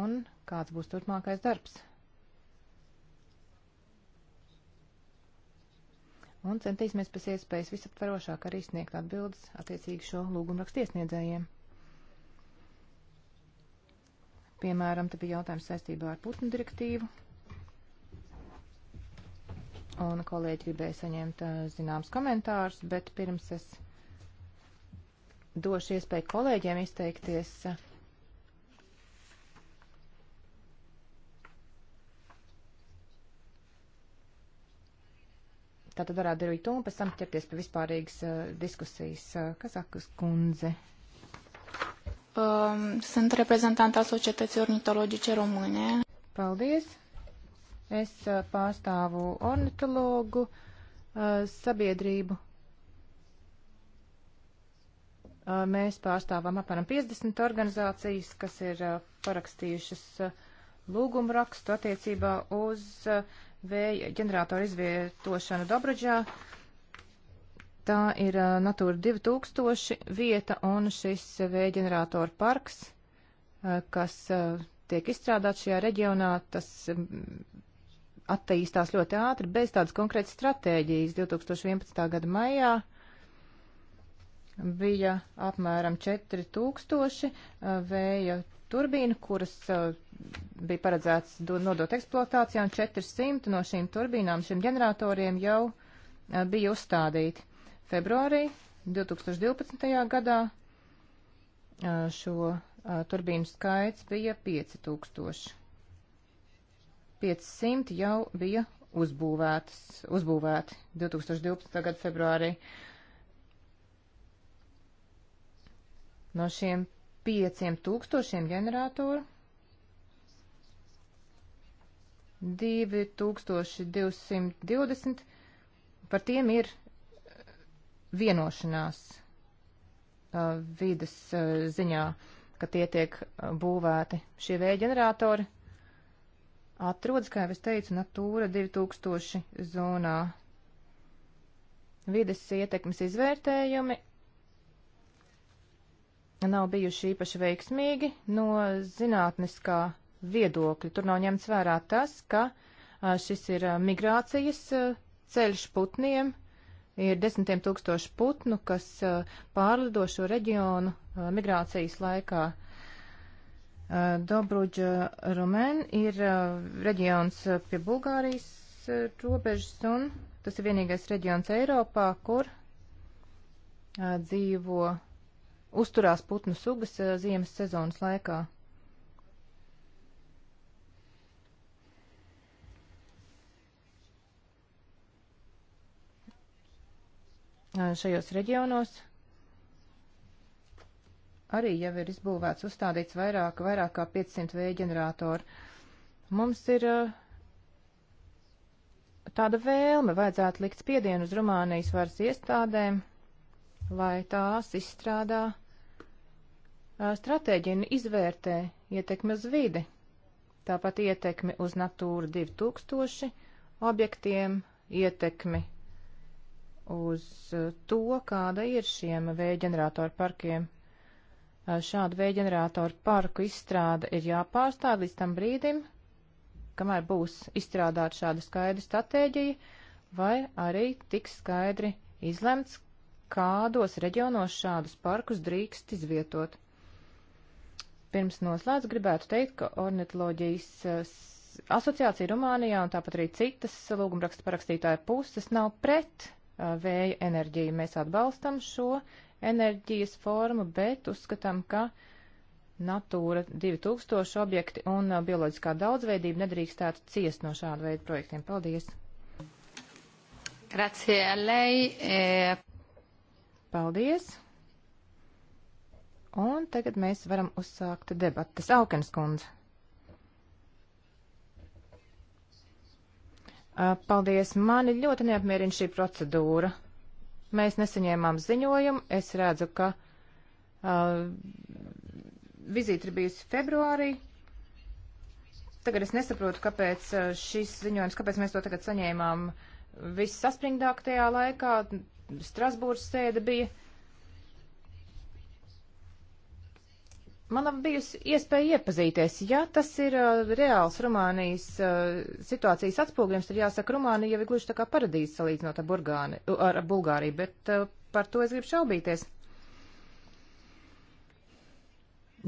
un kāds būs turpmākais darbs. Un centīsimies pēc iespējas visaptverošāk arī sniegt atbildes attiecīgi šo lūgumrakstu iesniedzējiem. Piemēram, te bija jautājums saistībā ar putnu direktīvu, Un kolēģi gribēja saņemt zināms komentārus, bet pirms es došu iespēju kolēģiem izteikties. Tātad varētu darīt to un pēc tam ķerties pie vispārīgas uh, diskusijas. Uh, Kazakas kundze. Um, sunt reprezentanta societății ornitologice române. Paldies! Es pārstāvu ornitologu sabiedrību. Mēs pārstāvam apmēram 50 organizācijas, kas ir parakstījušas lūgumu rakstu attiecībā uz vēja ģeneratoru izvietošanu Dobrodžā. Tā ir Natūra 2000 vieta un šis vēja ģeneratoru parks, kas tiek izstrādāts šajā reģionā, tas attīstās ļoti ātri bez tādas konkrētas stratēģijas. 2011. gada maijā bija apmēram 4000 uh, vēja turbīnu, kuras uh, bija paredzēts nodot eksploatācijā, un 400 no šīm turbīnām, šiem ģeneratoriem jau uh, bija uzstādīti. Februārī 2012. gadā šo turbīnu skaits bija 5000. 500 jau bija uzbūvētas, uzbūvēti 2012. gada februārī. No šiem 5000 ģeneratoru 2220 par tiem ir uh, vienošanās uh, vidas uh, ziņā, ka tie tiek būvēti šie vēja ģeneratori atrodas, kā jau es teicu, Natūra 2000 zonā. Vides ietekmes izvērtējumi nav bijuši īpaši veiksmīgi no zinātniskā viedokļa. Tur nav ņemts vērā tas, ka šis ir migrācijas ceļš putniem. Ir desmitiem tūkstoši putnu, kas pārlido šo reģionu migrācijas laikā. Eh, Dobruģa eh, Rumēn ir eh, reģions pie Bulgārijas robežas un tas ir vienīgais reģions Eiropā, kur dzīvo, uzturās putnu sugas ziemas sezonas laikā. Šajos reģionos arī jau ir izbūvēts, uzstādīts vairāk, vairāk kā 500 vēja ģeneratoru. Mums ir uh, tāda vēlme, vajadzētu likt spiedienu uz Rumānijas varas iestādēm, lai tās izstrādā uh, stratēģiju un izvērtē ietekmi uz vidi, tāpat ietekmi uz Natūra 2000 objektiem, ietekmi uz uh, to, kāda ir šiem vēja ģeneratoru parkiem šādu vējģeneratoru parku izstrāde ir jāpārstāv līdz tam brīdim, kamēr būs izstrādāta šāda skaidra stratēģija, vai arī tiks skaidri izlemts, kādos reģionos šādus parkus drīkst izvietot. Pirms noslēdz gribētu teikt, ka ornitoloģijas asociācija Rumānijā un tāpat arī citas lūgumraksta parakstītāja puses nav pret vēja enerģiju. Mēs atbalstam šo enerģijas formu, bet uzskatām, ka Natūra 2000 objekti un uh, bioloģiskā daudzveidība nedrīkstētu ciest no šāda veida projektiem. Paldies! Grazie a lei. E... Paldies! Un tagad mēs varam uzsākt debatas. Aukens kundze. Uh, paldies. Mani ļoti neapmierina šī procedūra. Mēs nesaņēmām ziņojumu. Es redzu, ka uh, vizīte ir bijusi februārī. Tagad es nesaprotu, kāpēc uh, šis ziņojums, kāpēc mēs to tagad saņēmām viss saspringdākajā laikā. Strasbūras sēde bija. Uh, Man nav bijusi iespēja iepazīties. Ja tas ir uh, reāls Rumānijas uh, situācijas atspūgļums, tad jāsaka, Rumānija jau ir gluži tā kā paradīze salīdzinot ar, Burgāni, ar Bulgāriju, bet uh, par to es gribu šaubīties.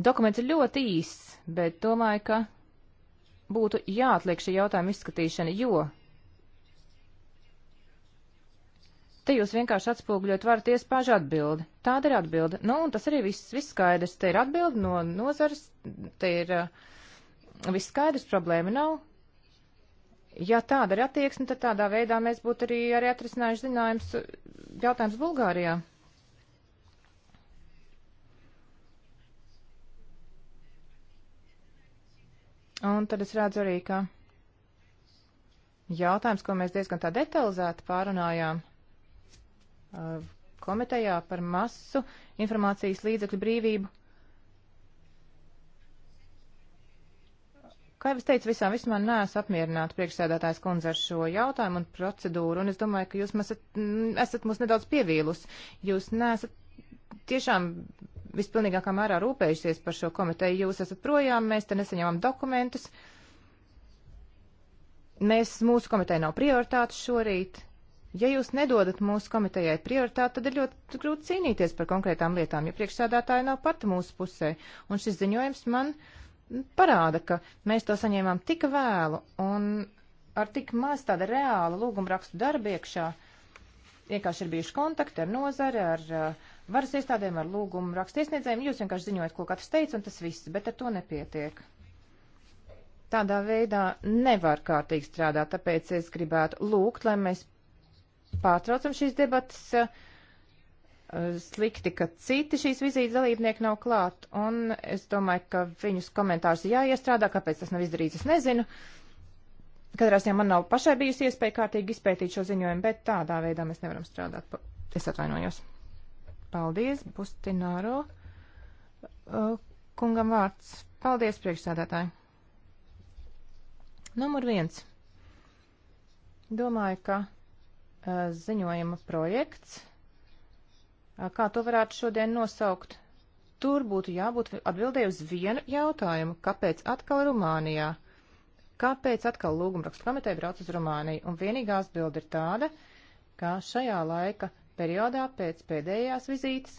Dokuments ir ļoti īss, bet domāju, ka būtu jāatliek šī jautājuma izskatīšana, jo Te jūs vienkārši atspūgļot varat iespāžu atbildi. Tāda ir atbilde. Nu, un tas arī viss, viss skaidrs. Te ir atbildi no nozares, te ir uh, viss skaidrs, problēma nav. Ja tāda ir attieksme, tad tādā veidā mēs būtu arī, arī atrisinājuši zinājums uh, jautājums Bulgārijā. Un tad es redzu arī, ka jautājums, ko mēs diezgan tā detalizēti pārunājām, Uh, komitejā par masu informācijas līdzekļu brīvību. Kā jau es teicu, visām vismaz neesmu apmierināta priekšsēdētājs kundze ar šo jautājumu un procedūru, un es domāju, ka jūs esat, mm, esat mūs nedaudz pievīlus. Jūs neesat tiešām vispilnīgākā mērā rūpējušies par šo komiteju. Jūs esat projām, mēs te nesaņemam dokumentus. Mēs, mūsu komiteja nav prioritāte šorīt. Ja jūs nedodat mūsu komitejai prioritāti, tad ir ļoti grūti cīnīties par konkrētām lietām, jo priekšsēdētāji nav pati mūsu pusē. Un šis ziņojums man parāda, ka mēs to saņēmām tik vēlu un ar tik maz tāda reāla lūgumrakstu darbiekšā. Vienkārši ir bijuši kontakti ar nozari, ar uh, varas iestādēm, ar lūgumu rakstu iesniedzējiem. Jūs vienkārši ziņojat, ko katrs teica, un tas viss, bet ar to nepietiek. Tādā veidā nevar kārtīgi strādāt, tāpēc es gribētu lūgt, lai mēs pārtraucam šīs debatas. Eh, slikti, ka citi šīs vizītes dalībnieki nav klāt, un es domāju, ka viņus komentārus jāiestrādā, kāpēc tas nav izdarīts, es nezinu. Katrā ziņā man nav pašai bijusi iespēja kārtīgi izpētīt šo ziņojumu, bet tādā veidā mēs nevaram strādāt. Es atvainojos. Paldies, Bustināro. Eh, kungam vārds. Paldies, priekšsādātāji. Numur viens. Domāju, ka ziņojuma projekts. Kā to varētu šodien nosaukt? Tur būtu jābūt atbildēji uz vienu jautājumu. Kāpēc atkal Rumānijā? Kāpēc atkal lūgumrakstu komiteja brauc uz Rumāniju? Un vienīgā atbilde ir tāda, ka šajā laika periodā pēc pēdējās vizītes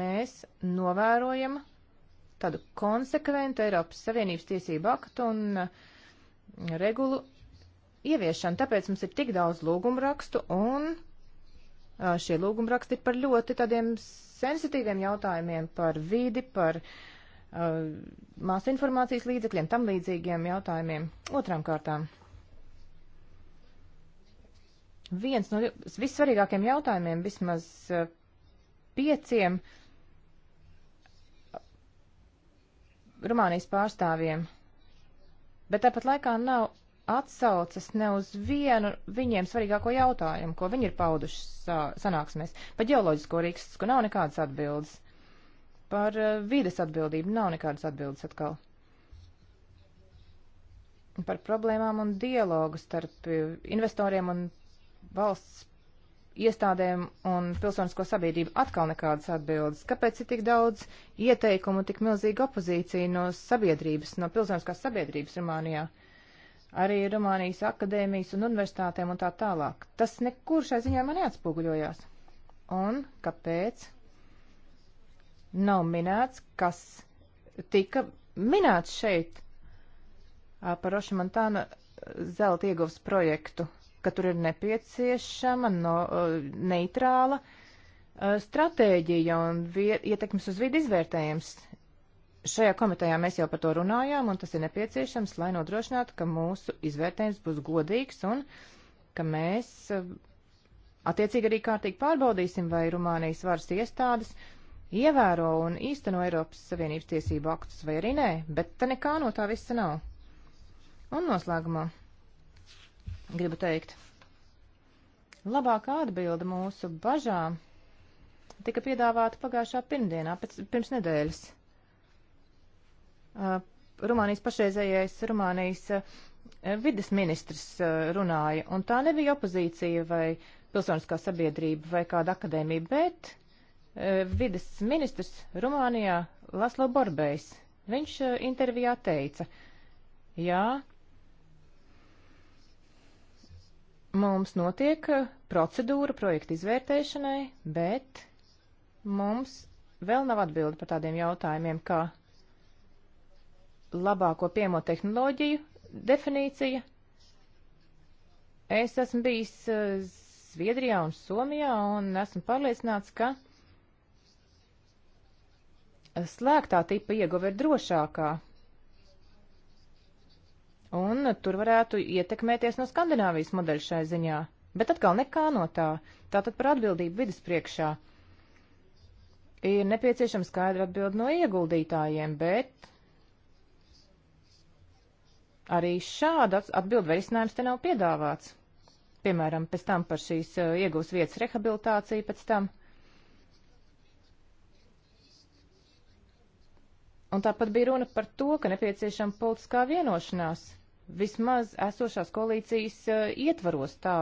mēs novērojam tādu konsekventu Eiropas Savienības tiesību aktu un regulu ieviešanu. Tāpēc mums ir tik daudz lūgumu rakstu un šie lūgumu raksti ir par ļoti tādiem sensitīviem jautājumiem par vidi, par uh, māsu informācijas līdzekļiem, tam līdzīgiem jautājumiem. Otrām kārtām. Viens no vissvarīgākiem jautājumiem, vismaz uh, pieciem Rumānijas pārstāvjiem, bet tāpat laikā nav atsaucas ne uz vienu viņiem svarīgāko jautājumu, ko viņi ir pauduši sa sanāksmēs. Par ģeoloģisko rīkstisku nav nekādas atbildes. Par uh, vides atbildību nav nekādas atbildes atkal. Par problēmām un dialogu starp eh, investoriem un valsts iestādēm un pilsonisko sabiedrību atkal nekādas atbildes. Kāpēc ir tik daudz ieteikumu, tik milzīga opozīcija no sabiedrības, no pilsoniskās sabiedrības Rumānijā? Uh, arī Rumānijas akadēmijas un universitātēm un tā tālāk. Tas nekur šai ziņā man neatspoguļojās. Un kāpēc nav minēts, kas tika minēts šeit par Rošamantāna zelta ieguvas projektu, ka tur ir nepieciešama no, neitrāla stratēģija un vie, ietekmes uz vidi izvērtējums. Šajā komitejā mēs jau par to runājām, un tas ir nepieciešams, lai nodrošinātu, ka mūsu izvērtējums būs godīgs un ka mēs eh, attiecīgi arī kārtīgi pārbaudīsim, vai Rumānijas varas iestādes ievēro un īsteno Eiropas Savienības tiesību aktus vai arī nē, bet te nekā no tā visa nav. Un noslēgumā gribu teikt, labākā atbilde mūsu bažām tika piedāvāta pagājušā pirmdienā, pēc, pirms nedēļas Uh, Rumānijas pašreizējais Rumānijas uh, vides ministrs uh, runāja, un tā nebija opozīcija vai pilsoniskā sabiedrība vai kāda akadēmija, bet vides ministrs Rumānijā Laslo Borbējs. Viņš intervijā teica, jā, mums notiek procedūra projekta izvērtēšanai, bet mums vēl nav atbildi par tādiem jautājumiem, kā labāko piemo tehnoloģiju definīcija. Es esmu bijis eh, Zviedrijā un Somijā un esmu pārliecināts, ka slēgtā tipa ieguve ir drošākā. Un tur varētu ietekmēties no Skandināvijas modeļa šai ziņā. Bet atkal nekā no tā. Tātad par atbildību vidas priekšā. Ir nepieciešama skaidra atbild no ieguldītājiem, bet Arī šāda atbildu veicinājums te nav piedāvāts. Piemēram, pēc tam par šīs eh, iegūs vietas rehabilitāciju pēc tam. Un tāpat bija runa par to, ka nepieciešama politiskā vienošanās vismaz esošās koalīcijas uh, ietvaros, tā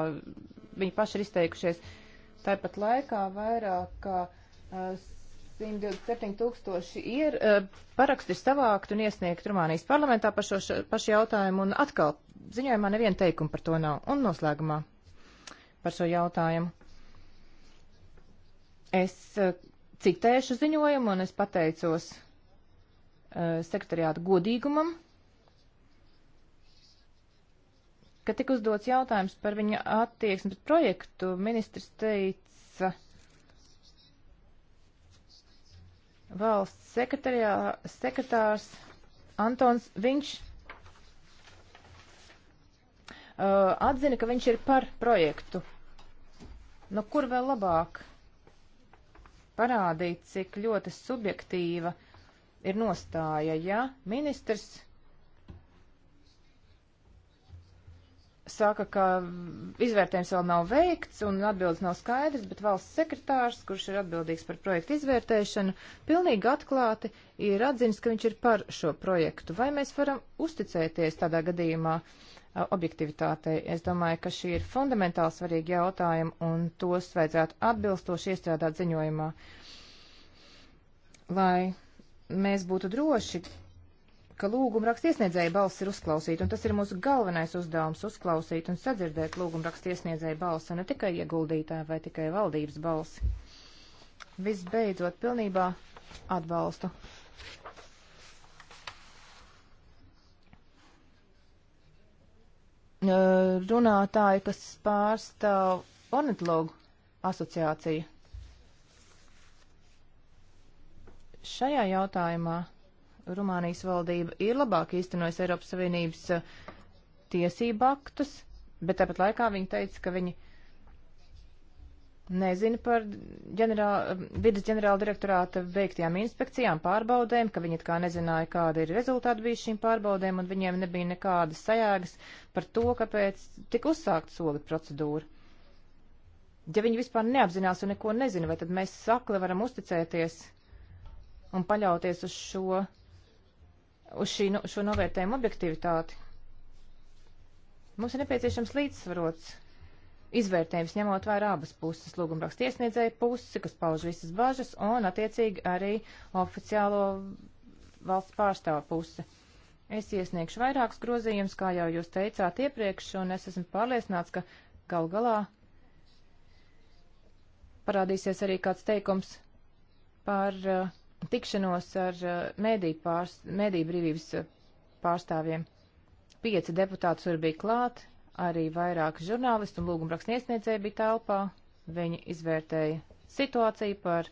viņi paši ir izteikušies. Tāpat laikā vairāk kā uh, 127 tūkstoši eh, ir paraksti savākt un iesniegt Rumānijas parlamentā par šo pašu jautājumu, un atkal ziņojumā neviena teikuma par to nav, un noslēgumā par šo jautājumu. Es eh, citēšu ziņojumu, un es pateicos eh, sekretariāta godīgumam, ka tik uzdots jautājums par viņa attieksmi pret projektu. Ministrs teica, valsts sekretārs Antons, viņš uh, atzina, ka viņš ir par projektu. Nu, kur vēl labāk parādīt, cik ļoti subjektīva ir nostāja, ja ministrs saka, ka izvērtējums vēl nav veikts un atbildes nav skaidrs, bet valsts sekretārs, kurš ir atbildīgs par projektu izvērtēšanu, pilnīgi atklāti ir atzinis, ka viņš ir par šo projektu. Vai mēs varam uzticēties tādā gadījumā objektivitātei? Es domāju, ka šī ir fundamentāli svarīgi jautājumi un tos vajadzētu atbilstoši iestrādāt ziņojumā, lai mēs būtu droši, ka lūguma raksta iesniedzēja balss ir uzklausīta, un tas ir mūsu galvenais uzdevums - uzklausīt un sadzirdēt lūguma raksta iesniedzēja balsi, ne tikai ieguldītāja vai tikai valdības balsi. Visbeidzot, pilnībā atbalstu. Runātāji, kas pārstāv ornitologu asociāciju. Šajā jautājumā Rumānijas valdība ir labāk īstenojusi Eiropas Savienības eh, tiesību aktus, bet tāpat laikā viņi teica, ka viņi nezina par ģenerāla, eh, vidas ģenerāla direktorāta veiktajām inspekcijām, pārbaudēm, ka viņi kā nezināja, kāda ir rezultāti bija šīm pārbaudēm, un viņiem nebija nekādas sajēgas par to, kāpēc tik uzsākt soli procedūra. Ja viņi vispār neapzinās un neko nezina, vai tad mēs sakli varam uzticēties un paļauties uz šo uz šī, nu, šo novērtējumu objektivitāti. Mums ir nepieciešams līdzsvarots izvērtējums, ņemot vērā abas puses, lūgumraksta iesniedzēja pusi, kas pauž visas bažas, un attiecīgi arī oficiālo valsts pārstāva pusi. Es iesniegšu vairākus grozījumus, kā jau jūs teicāt iepriekš, un es esmu pārliecināts, ka gal galā parādīsies arī kāds teikums par uh, tikšanos ar eh, mēdīju, pārs, mēdīju brīvības eh, pārstāvjiem. Pieci deputāti tur bija klāt, arī vairāki žurnālisti un lūgumrakstniedzēji bija telpā. Viņi izvērtēja situāciju par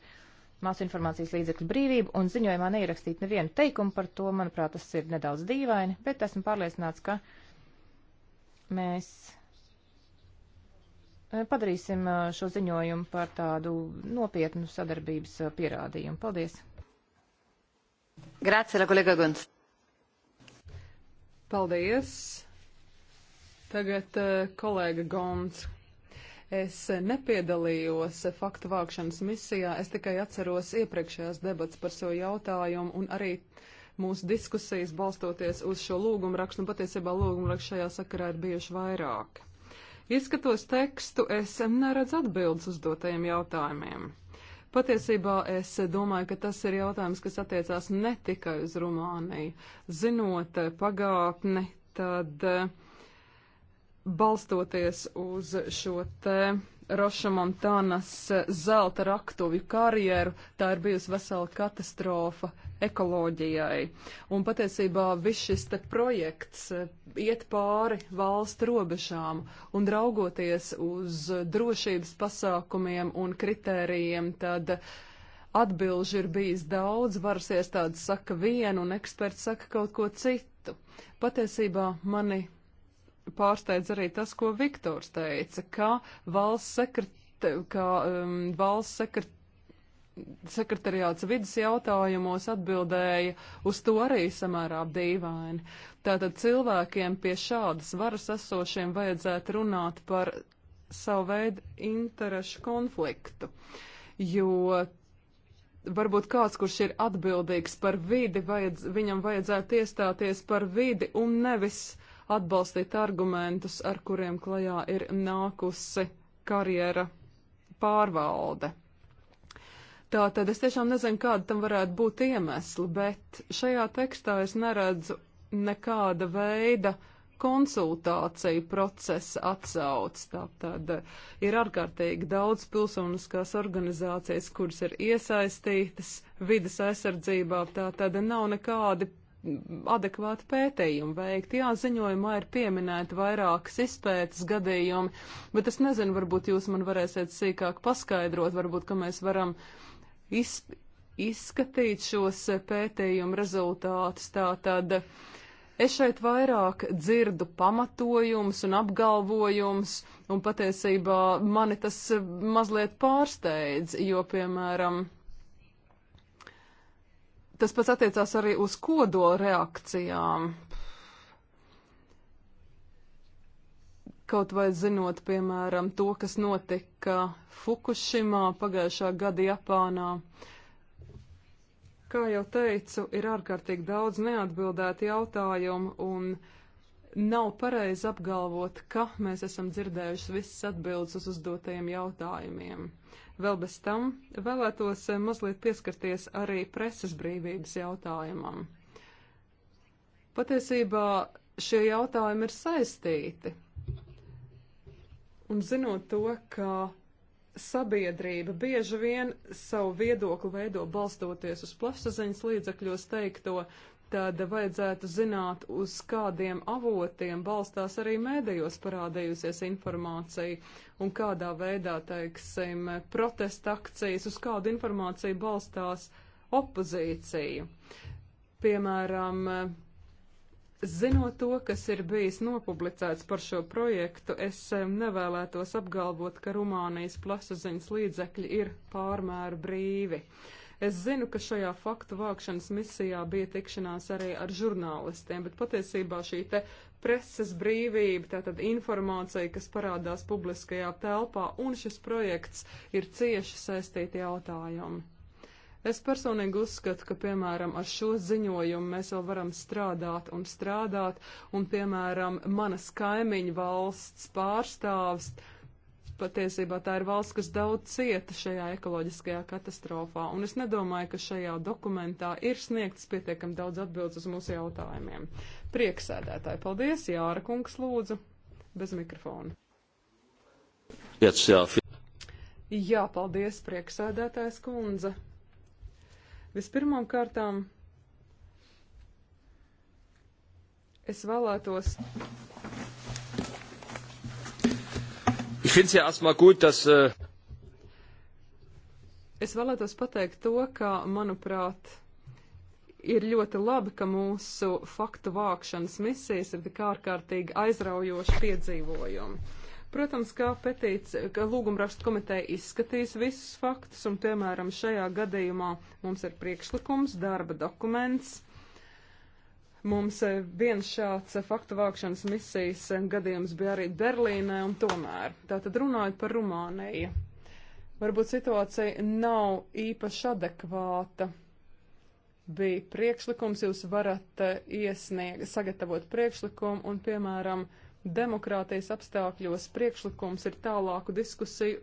masu informācijas līdzekļu brīvību un ziņojumā neierakstīt nevienu teikumu par to. Manuprāt, tas ir nedaudz dīvaini, bet esmu pārliecināts, ka mēs eh, padarīsim šo ziņojumu par tādu nopietnu sadarbības pierādījumu. Paldies! Grācija, la
kolēga Guns. Paldies. Tagad eh, kolēga Gons. Es nepiedalījos faktu vākšanas misijā, es tikai atceros iepriekšējās debats par šo jautājumu un arī mūsu diskusijas balstoties uz šo lūgumu rakstu, un patiesībā lūgumu rakstu šajā sakarā ir bijuši vairāk. Izskatos tekstu, es neredzu atbildes uzdotajiem jautājumiem. Patiesībā es domāju, ka tas ir jautājums, kas attiecās ne tikai uz Rumāniju. Zinot pagātni, tad eh, balstoties uz šo te Roša Montānas eh, zelta raktuvju karjeru. Tā ir bijusi vesela katastrofa ekoloģijai. Un patiesībā viss šis te projekts eh, iet pāri valstu robežām un raugoties uz drošības pasākumiem un kritērijiem, tad atbilži ir bijis daudz, varas iestādes saka vienu un eksperts saka kaut ko citu. Patiesībā mani pārsteidz arī tas, ko Viktors teica, ka valsts sekret, ka, um, valsts sekret, sekretariāts vidas jautājumos atbildēja uz to arī samērā dīvaini. Tātad cilvēkiem pie šādas varas esošiem vajadzētu runāt par savu veidu interešu konfliktu, jo varbūt kāds, kurš ir atbildīgs par vidi, vajadz, viņam vajadzētu iestāties par vidi un nevis atbalstīt argumentus, ar kuriem klajā ir nākusi karjera pārvalde. Tātad es tiešām nezinu, kāda tam varētu būt iemesli, bet šajā tekstā es neredzu nekāda veida konsultāciju procesa atsauc. Tātad ir ārkārtīgi daudz pilsoniskās organizācijas, kuras ir iesaistītas vidas aizsardzībā, tātad nav nekādi adekvāti pētījumi veikti. Jā, ziņojumā ir pieminēti vairākas izpētes gadījumi, bet es nezinu, varbūt jūs man varēsiet sīkāk paskaidrot, varbūt, ka mēs varam iz, izskatīt šos pētījumu rezultātus. Tātad es šeit vairāk dzirdu pamatojumus un apgalvojumus, un patiesībā mani tas mazliet pārsteidz, jo, piemēram, Tas pats attiecās arī uz kodola reakcijām. Kaut vai zinot, piemēram, to, kas notika Fukushimā pagājušā gada Japānā, kā jau teicu, ir ārkārtīgi daudz neatbildētu jautājumu un nav pareizi apgalvot, ka mēs esam dzirdējuši visas atbildes uz uzdotajiem jautājumiem. Uh, Vēl bez tam vēlētos eh, mazliet pieskarties arī preses brīvības jautājumam. Patiesībā šie jautājumi ir saistīti. Un zinot to, ka sabiedrība bieži vien savu viedokli veido balstoties uz plašsaziņas līdzakļos teikto, tad vajadzētu zināt, uz kādiem avotiem balstās arī mēdējos parādījusies informācija un kādā veidā, teiksim, protesta akcijas, uz kādu informāciju balstās opozīcija. Piemēram, zinot to, kas ir bijis nopublicēts par šo projektu, es eh, nevēlētos apgalvot, ka Rumānijas plasaziņas līdzekļi ir pārmēru brīvi. Uh, Es zinu, ka šajā faktu vākšanas misijā bija tikšanās arī ar žurnālistiem, bet patiesībā šī te preses brīvība, tātad informācija, kas parādās publiskajā telpā, un šis projekts ir cieši saistīti jautājumi. Es personīgi uzskatu, ka, piemēram, ar šo ziņojumu mēs vēl varam strādāt un strādāt, un, piemēram, manas kaimiņu valsts pārstāvsts patiesībā tā ir valsts, kas daudz cieta šajā ekoloģiskajā katastrofā, un es nedomāju, ka šajā dokumentā ir sniegts pietiekam daudz atbildes uz mūsu jautājumiem. Prieksēdētāji, paldies, Jāra kungs lūdzu, bez mikrofona. Piec, jā. jā, paldies, prieksēdētājs kundze. Vispirmām kārtām es vēlētos Ich finde es ja erstmal gut, dass. Uh... Es vēlētos pateikt to, ka, manuprāt, ir ļoti labi, ka mūsu faktu vākšanas misijas ir tik ārkārtīgi aizraujoši piedzīvojumi. Protams, kā petīts, ka lūgumrakstu komiteja izskatīs visus faktus, un, piemēram, šajā gadījumā mums ir priekšlikums, darba dokuments, Mums eh, viens šāds eh, faktu vākšanas misijas eh, gadījums bija arī Berlīnē un tomēr. Tātad runājot par Rumāniju. Varbūt situācija nav īpaši adekvāta. Bija priekšlikums, jūs varat iesniegt, sagatavot priekšlikumu un, piemēram, demokrātijas apstākļos priekšlikums ir tālāku diskusiju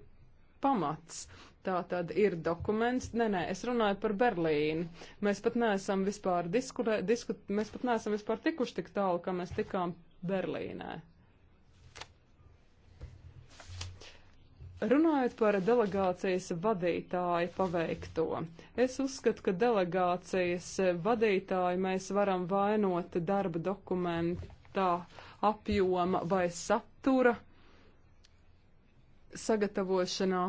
pamats. Tā tad ir dokuments. Nē, nē, es runāju par Berlīnu. Mēs pat neesam vispār diskurē, disku, mēs pat neesam vispār tikuši tik tālu, kā mēs tikām Berlīnē. Runājot par delegācijas vadītāju paveikto, es uzskatu, ka delegācijas vadītāju mēs varam vainot darba dokumentā apjoma vai satura sagatavošanā.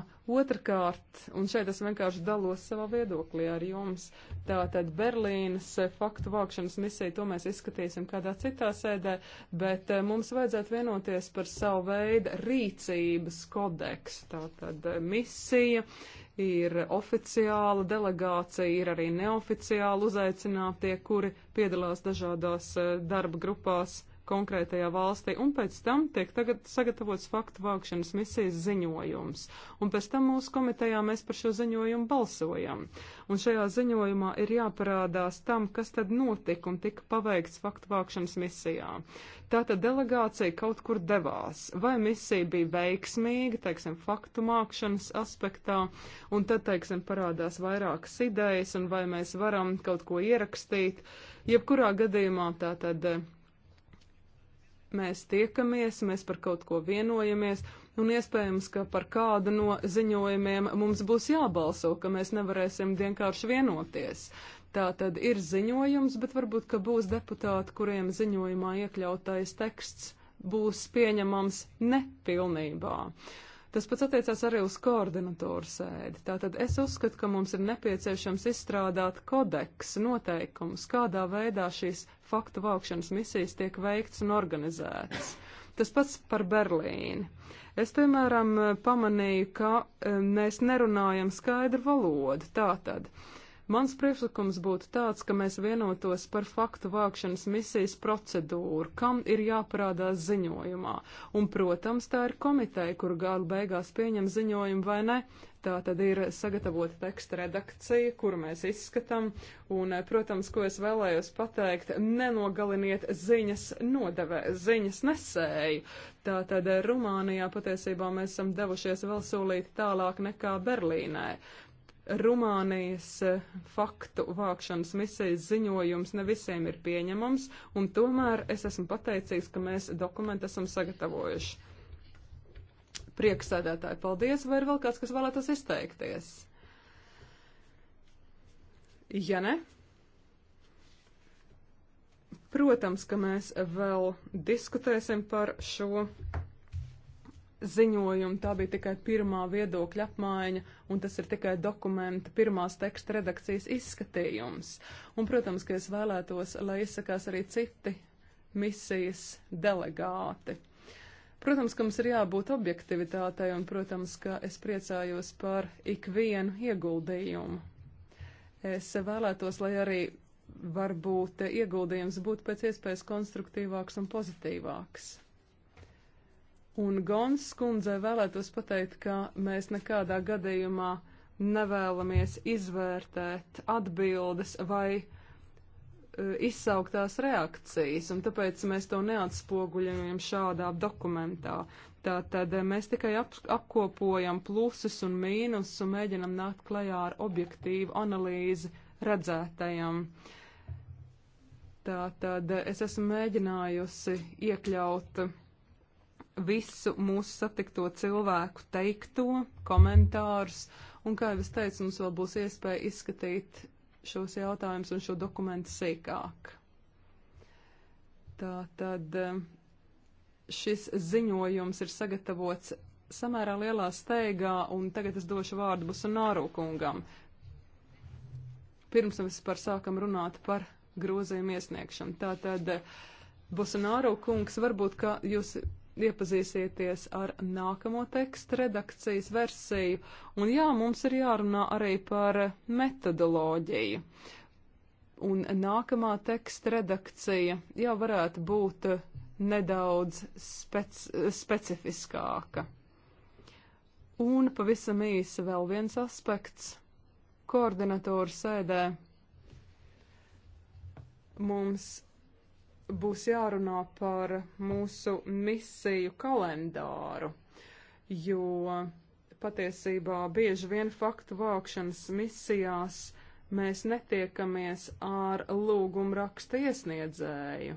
Otrakārt, un šeit es vienkārši dalos savā viedoklī ar jums, tātad Berlīnas faktu vākšanas misija, to mēs izskatīsim kādā citā sēdē, bet eh, mums vajadzētu vienoties par savu veidu rīcības kodeksu. Tātad eh, misija ir oficiāla delegācija, ir arī neoficiāli uzaicinātie, kuri piedalās dažādās eh, darba grupās konkrētajā valstī, un pēc tam tiek tagad sagatavots faktu vākšanas misijas ziņojums. Un pēc tam mūsu komitejā mēs par šo ziņojumu balsojam. Un šajā ziņojumā ir jāparādās tam, kas tad notika un tika paveikts faktu vākšanas misijā. Tātad delegācija kaut kur devās, vai misija bija veiksmīga, teiksim, faktu mākšanas aspektā, un tad, teiksim, parādās vairākas idejas, un vai mēs varam kaut ko ierakstīt. Jebkurā gadījumā tātad mēs tiekamies, mēs par kaut ko vienojamies, un iespējams, ka par kādu no ziņojumiem mums būs jābalso, ka mēs nevarēsim vienkārši vienoties. Tā tad ir ziņojums, bet varbūt, ka būs deputāti, kuriem ziņojumā iekļautais teksts būs pieņemams nepilnībā. Uh, Tas pats attiecās arī uz koordinatoru sēdi. Tātad es uzskatu, ka mums ir nepieciešams izstrādāt kodeks, noteikums, kādā veidā šīs faktu vākšanas misijas tiek veikts un organizētas. Tas pats par Berlīni. Es, piemēram, pamanīju, ka eh, mēs nerunājam skaidru valodu. Tātad Mans priekšlikums būtu tāds, ka mēs vienotos par faktu vākšanas misijas procedūru, kam ir jāparādās ziņojumā. Un, protams, tā ir komiteja, kur gala beigās pieņem ziņojumu vai ne. Tā tad ir sagatavota teksta redakcija, kuru mēs izskatām. Un, protams, ko es vēlējos pateikt, nenogaliniet ziņas nodevē, ziņas nesēju. Tātad Rumānijā patiesībā mēs esam devušies vēl solīt tālāk nekā Berlīnē. Rumānijas eh, faktu vākšanas misijas ziņojums ne visiem ir pieņemams, un tomēr es esmu pateicīgs, ka mēs dokumentu esam sagatavojuši. Prieksēdētāji, paldies, vai ir vēl kāds, kas vēlētos izteikties? Ja ne? Protams, ka mēs vēl diskutēsim par šo ziņojumu. Tā bija tikai pirmā viedokļa apmaiņa, un tas ir tikai dokumenta pirmās teksta redakcijas izskatījums. Un, protams, ka es vēlētos, lai izsakās arī citi misijas delegāti. Protams, ka mums ir jābūt objektivitātei, un, protams, ka es priecājos par ikvienu ieguldījumu. Es vēlētos, lai arī varbūt ieguldījums būtu pēc iespējas konstruktīvāks un pozitīvāks. Un Gons skundzei vēlētos pateikt, ka mēs nekādā gadījumā nevēlamies izvērtēt atbildes vai e, izsauktās reakcijas, un tāpēc mēs to neatspoguļojam šādā dokumentā. Tātad e, mēs tikai ap, apkopojam plusus un mīnusus un mēģinam nākt klajā ar objektīvu analīzi redzētajam. Tātad e, es esmu mēģinājusi iekļaut visu mūsu satikto cilvēku teikto, komentārus, un, kā jau es teicu, mums vēl būs iespēja izskatīt šos jautājumus un šo dokumentu sīkāk. Tā tad eh, šis ziņojums ir sagatavots samērā lielā steigā, un tagad es došu vārdu Busanāru kungam. Pirms mēs par sākam runāt par grozījumu iesniegšanu. Tātad, eh, Busanāru kungs, varbūt, ka jūs iepazīsieties ar nākamo tekstu redakcijas versiju. Un jā, mums ir jārunā arī par metodoloģiju. Un nākamā teksta redakcija jau varētu būt nedaudz spec specifiskāka. Un pavisam īsi vēl viens aspekts koordinatoru sēdē. Mums būs jārunā par mūsu misiju kalendāru, jo patiesībā bieži vien faktu vākšanas misijās mēs netiekamies ar lūgumu raksta iesniedzēju.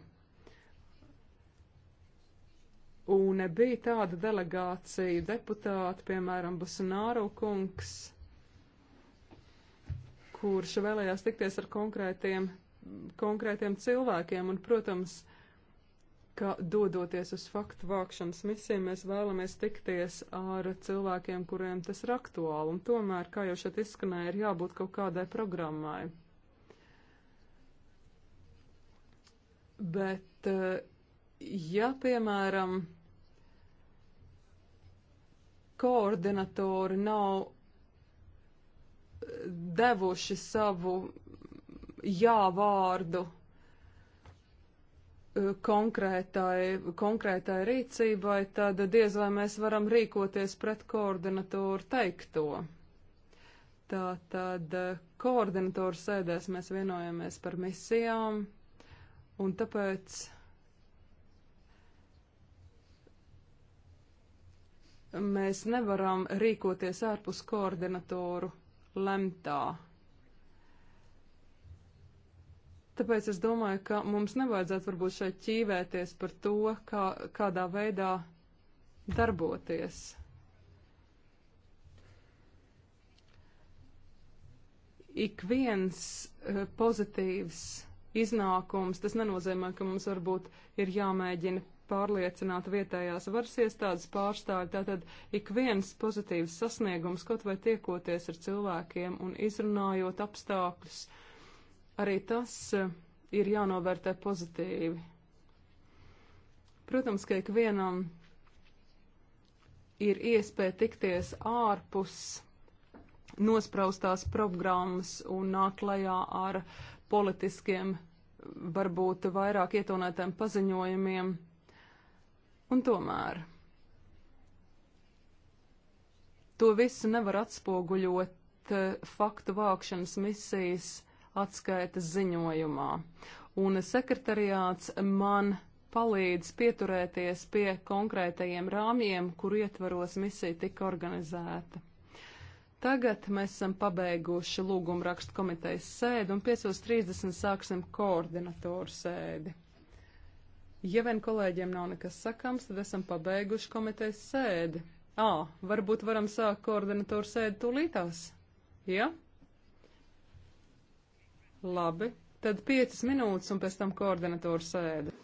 Un bija tāda delegācija deputāti, piemēram, Busanāru kungs, kurš vēlējās tikties ar konkrētiem konkrētiem cilvēkiem, un, protams, ka dodoties uz faktu vākšanas misiju, mēs vēlamies tikties ar cilvēkiem, kuriem tas ir aktuāli, un tomēr, kā jau šeit izskanēja, ir jābūt kaut kādai programmai. Bet, eh, ja, piemēram, koordinatori nav eh, devuši savu jā vārdu e, konkrētai, konkrētai rīcībai, tad diez vai mēs varam rīkoties pret koordinatoru teikto. Tā tad e, koordinatoru sēdēs mēs vienojamies par misijām, un tāpēc e, mēs nevaram rīkoties ārpus koordinatoru lemtā. Tāpēc es domāju, ka mums nevajadzētu varbūt šeit ķīvēties par to, kā, kādā veidā darboties. Ik viens eh, pozitīvs iznākums, tas nenozīmē, ka mums varbūt ir jāmēģina pārliecināt vietējās varas iestādes pārstāvi. Tātad ik viens pozitīvs sasniegums, kaut vai tiekoties ar cilvēkiem un izrunājot apstākļus, uh, Arī tas eh, ir jānovērtē pozitīvi. Protams, ka ikvienam ir iespēja tikties ārpus nospraustās programmas un nāk lajā ar politiskiem, varbūt vairāk ietonētiem paziņojumiem. Un tomēr to visu nevar atspoguļot eh, faktu vākšanas misijas atskaitas ziņojumā. Un sekretariāts man palīdz pieturēties pie konkrētajiem rāmjiem, kur ietvaros misija tika organizēta. Tagad mēs esam pabeiguši lūgumu rakstu komitejas sēdi un 5.30 sāksim koordinatoru sēdi. Ja vien kolēģiem nav nekas sakams, tad esam pabeiguši komitejas sēdi. Ā, varbūt varam sākt koordinatoru sēdi tūlītās? Ja? Labi, tad piecas minūtes un pēc tam koordinatoru sēde.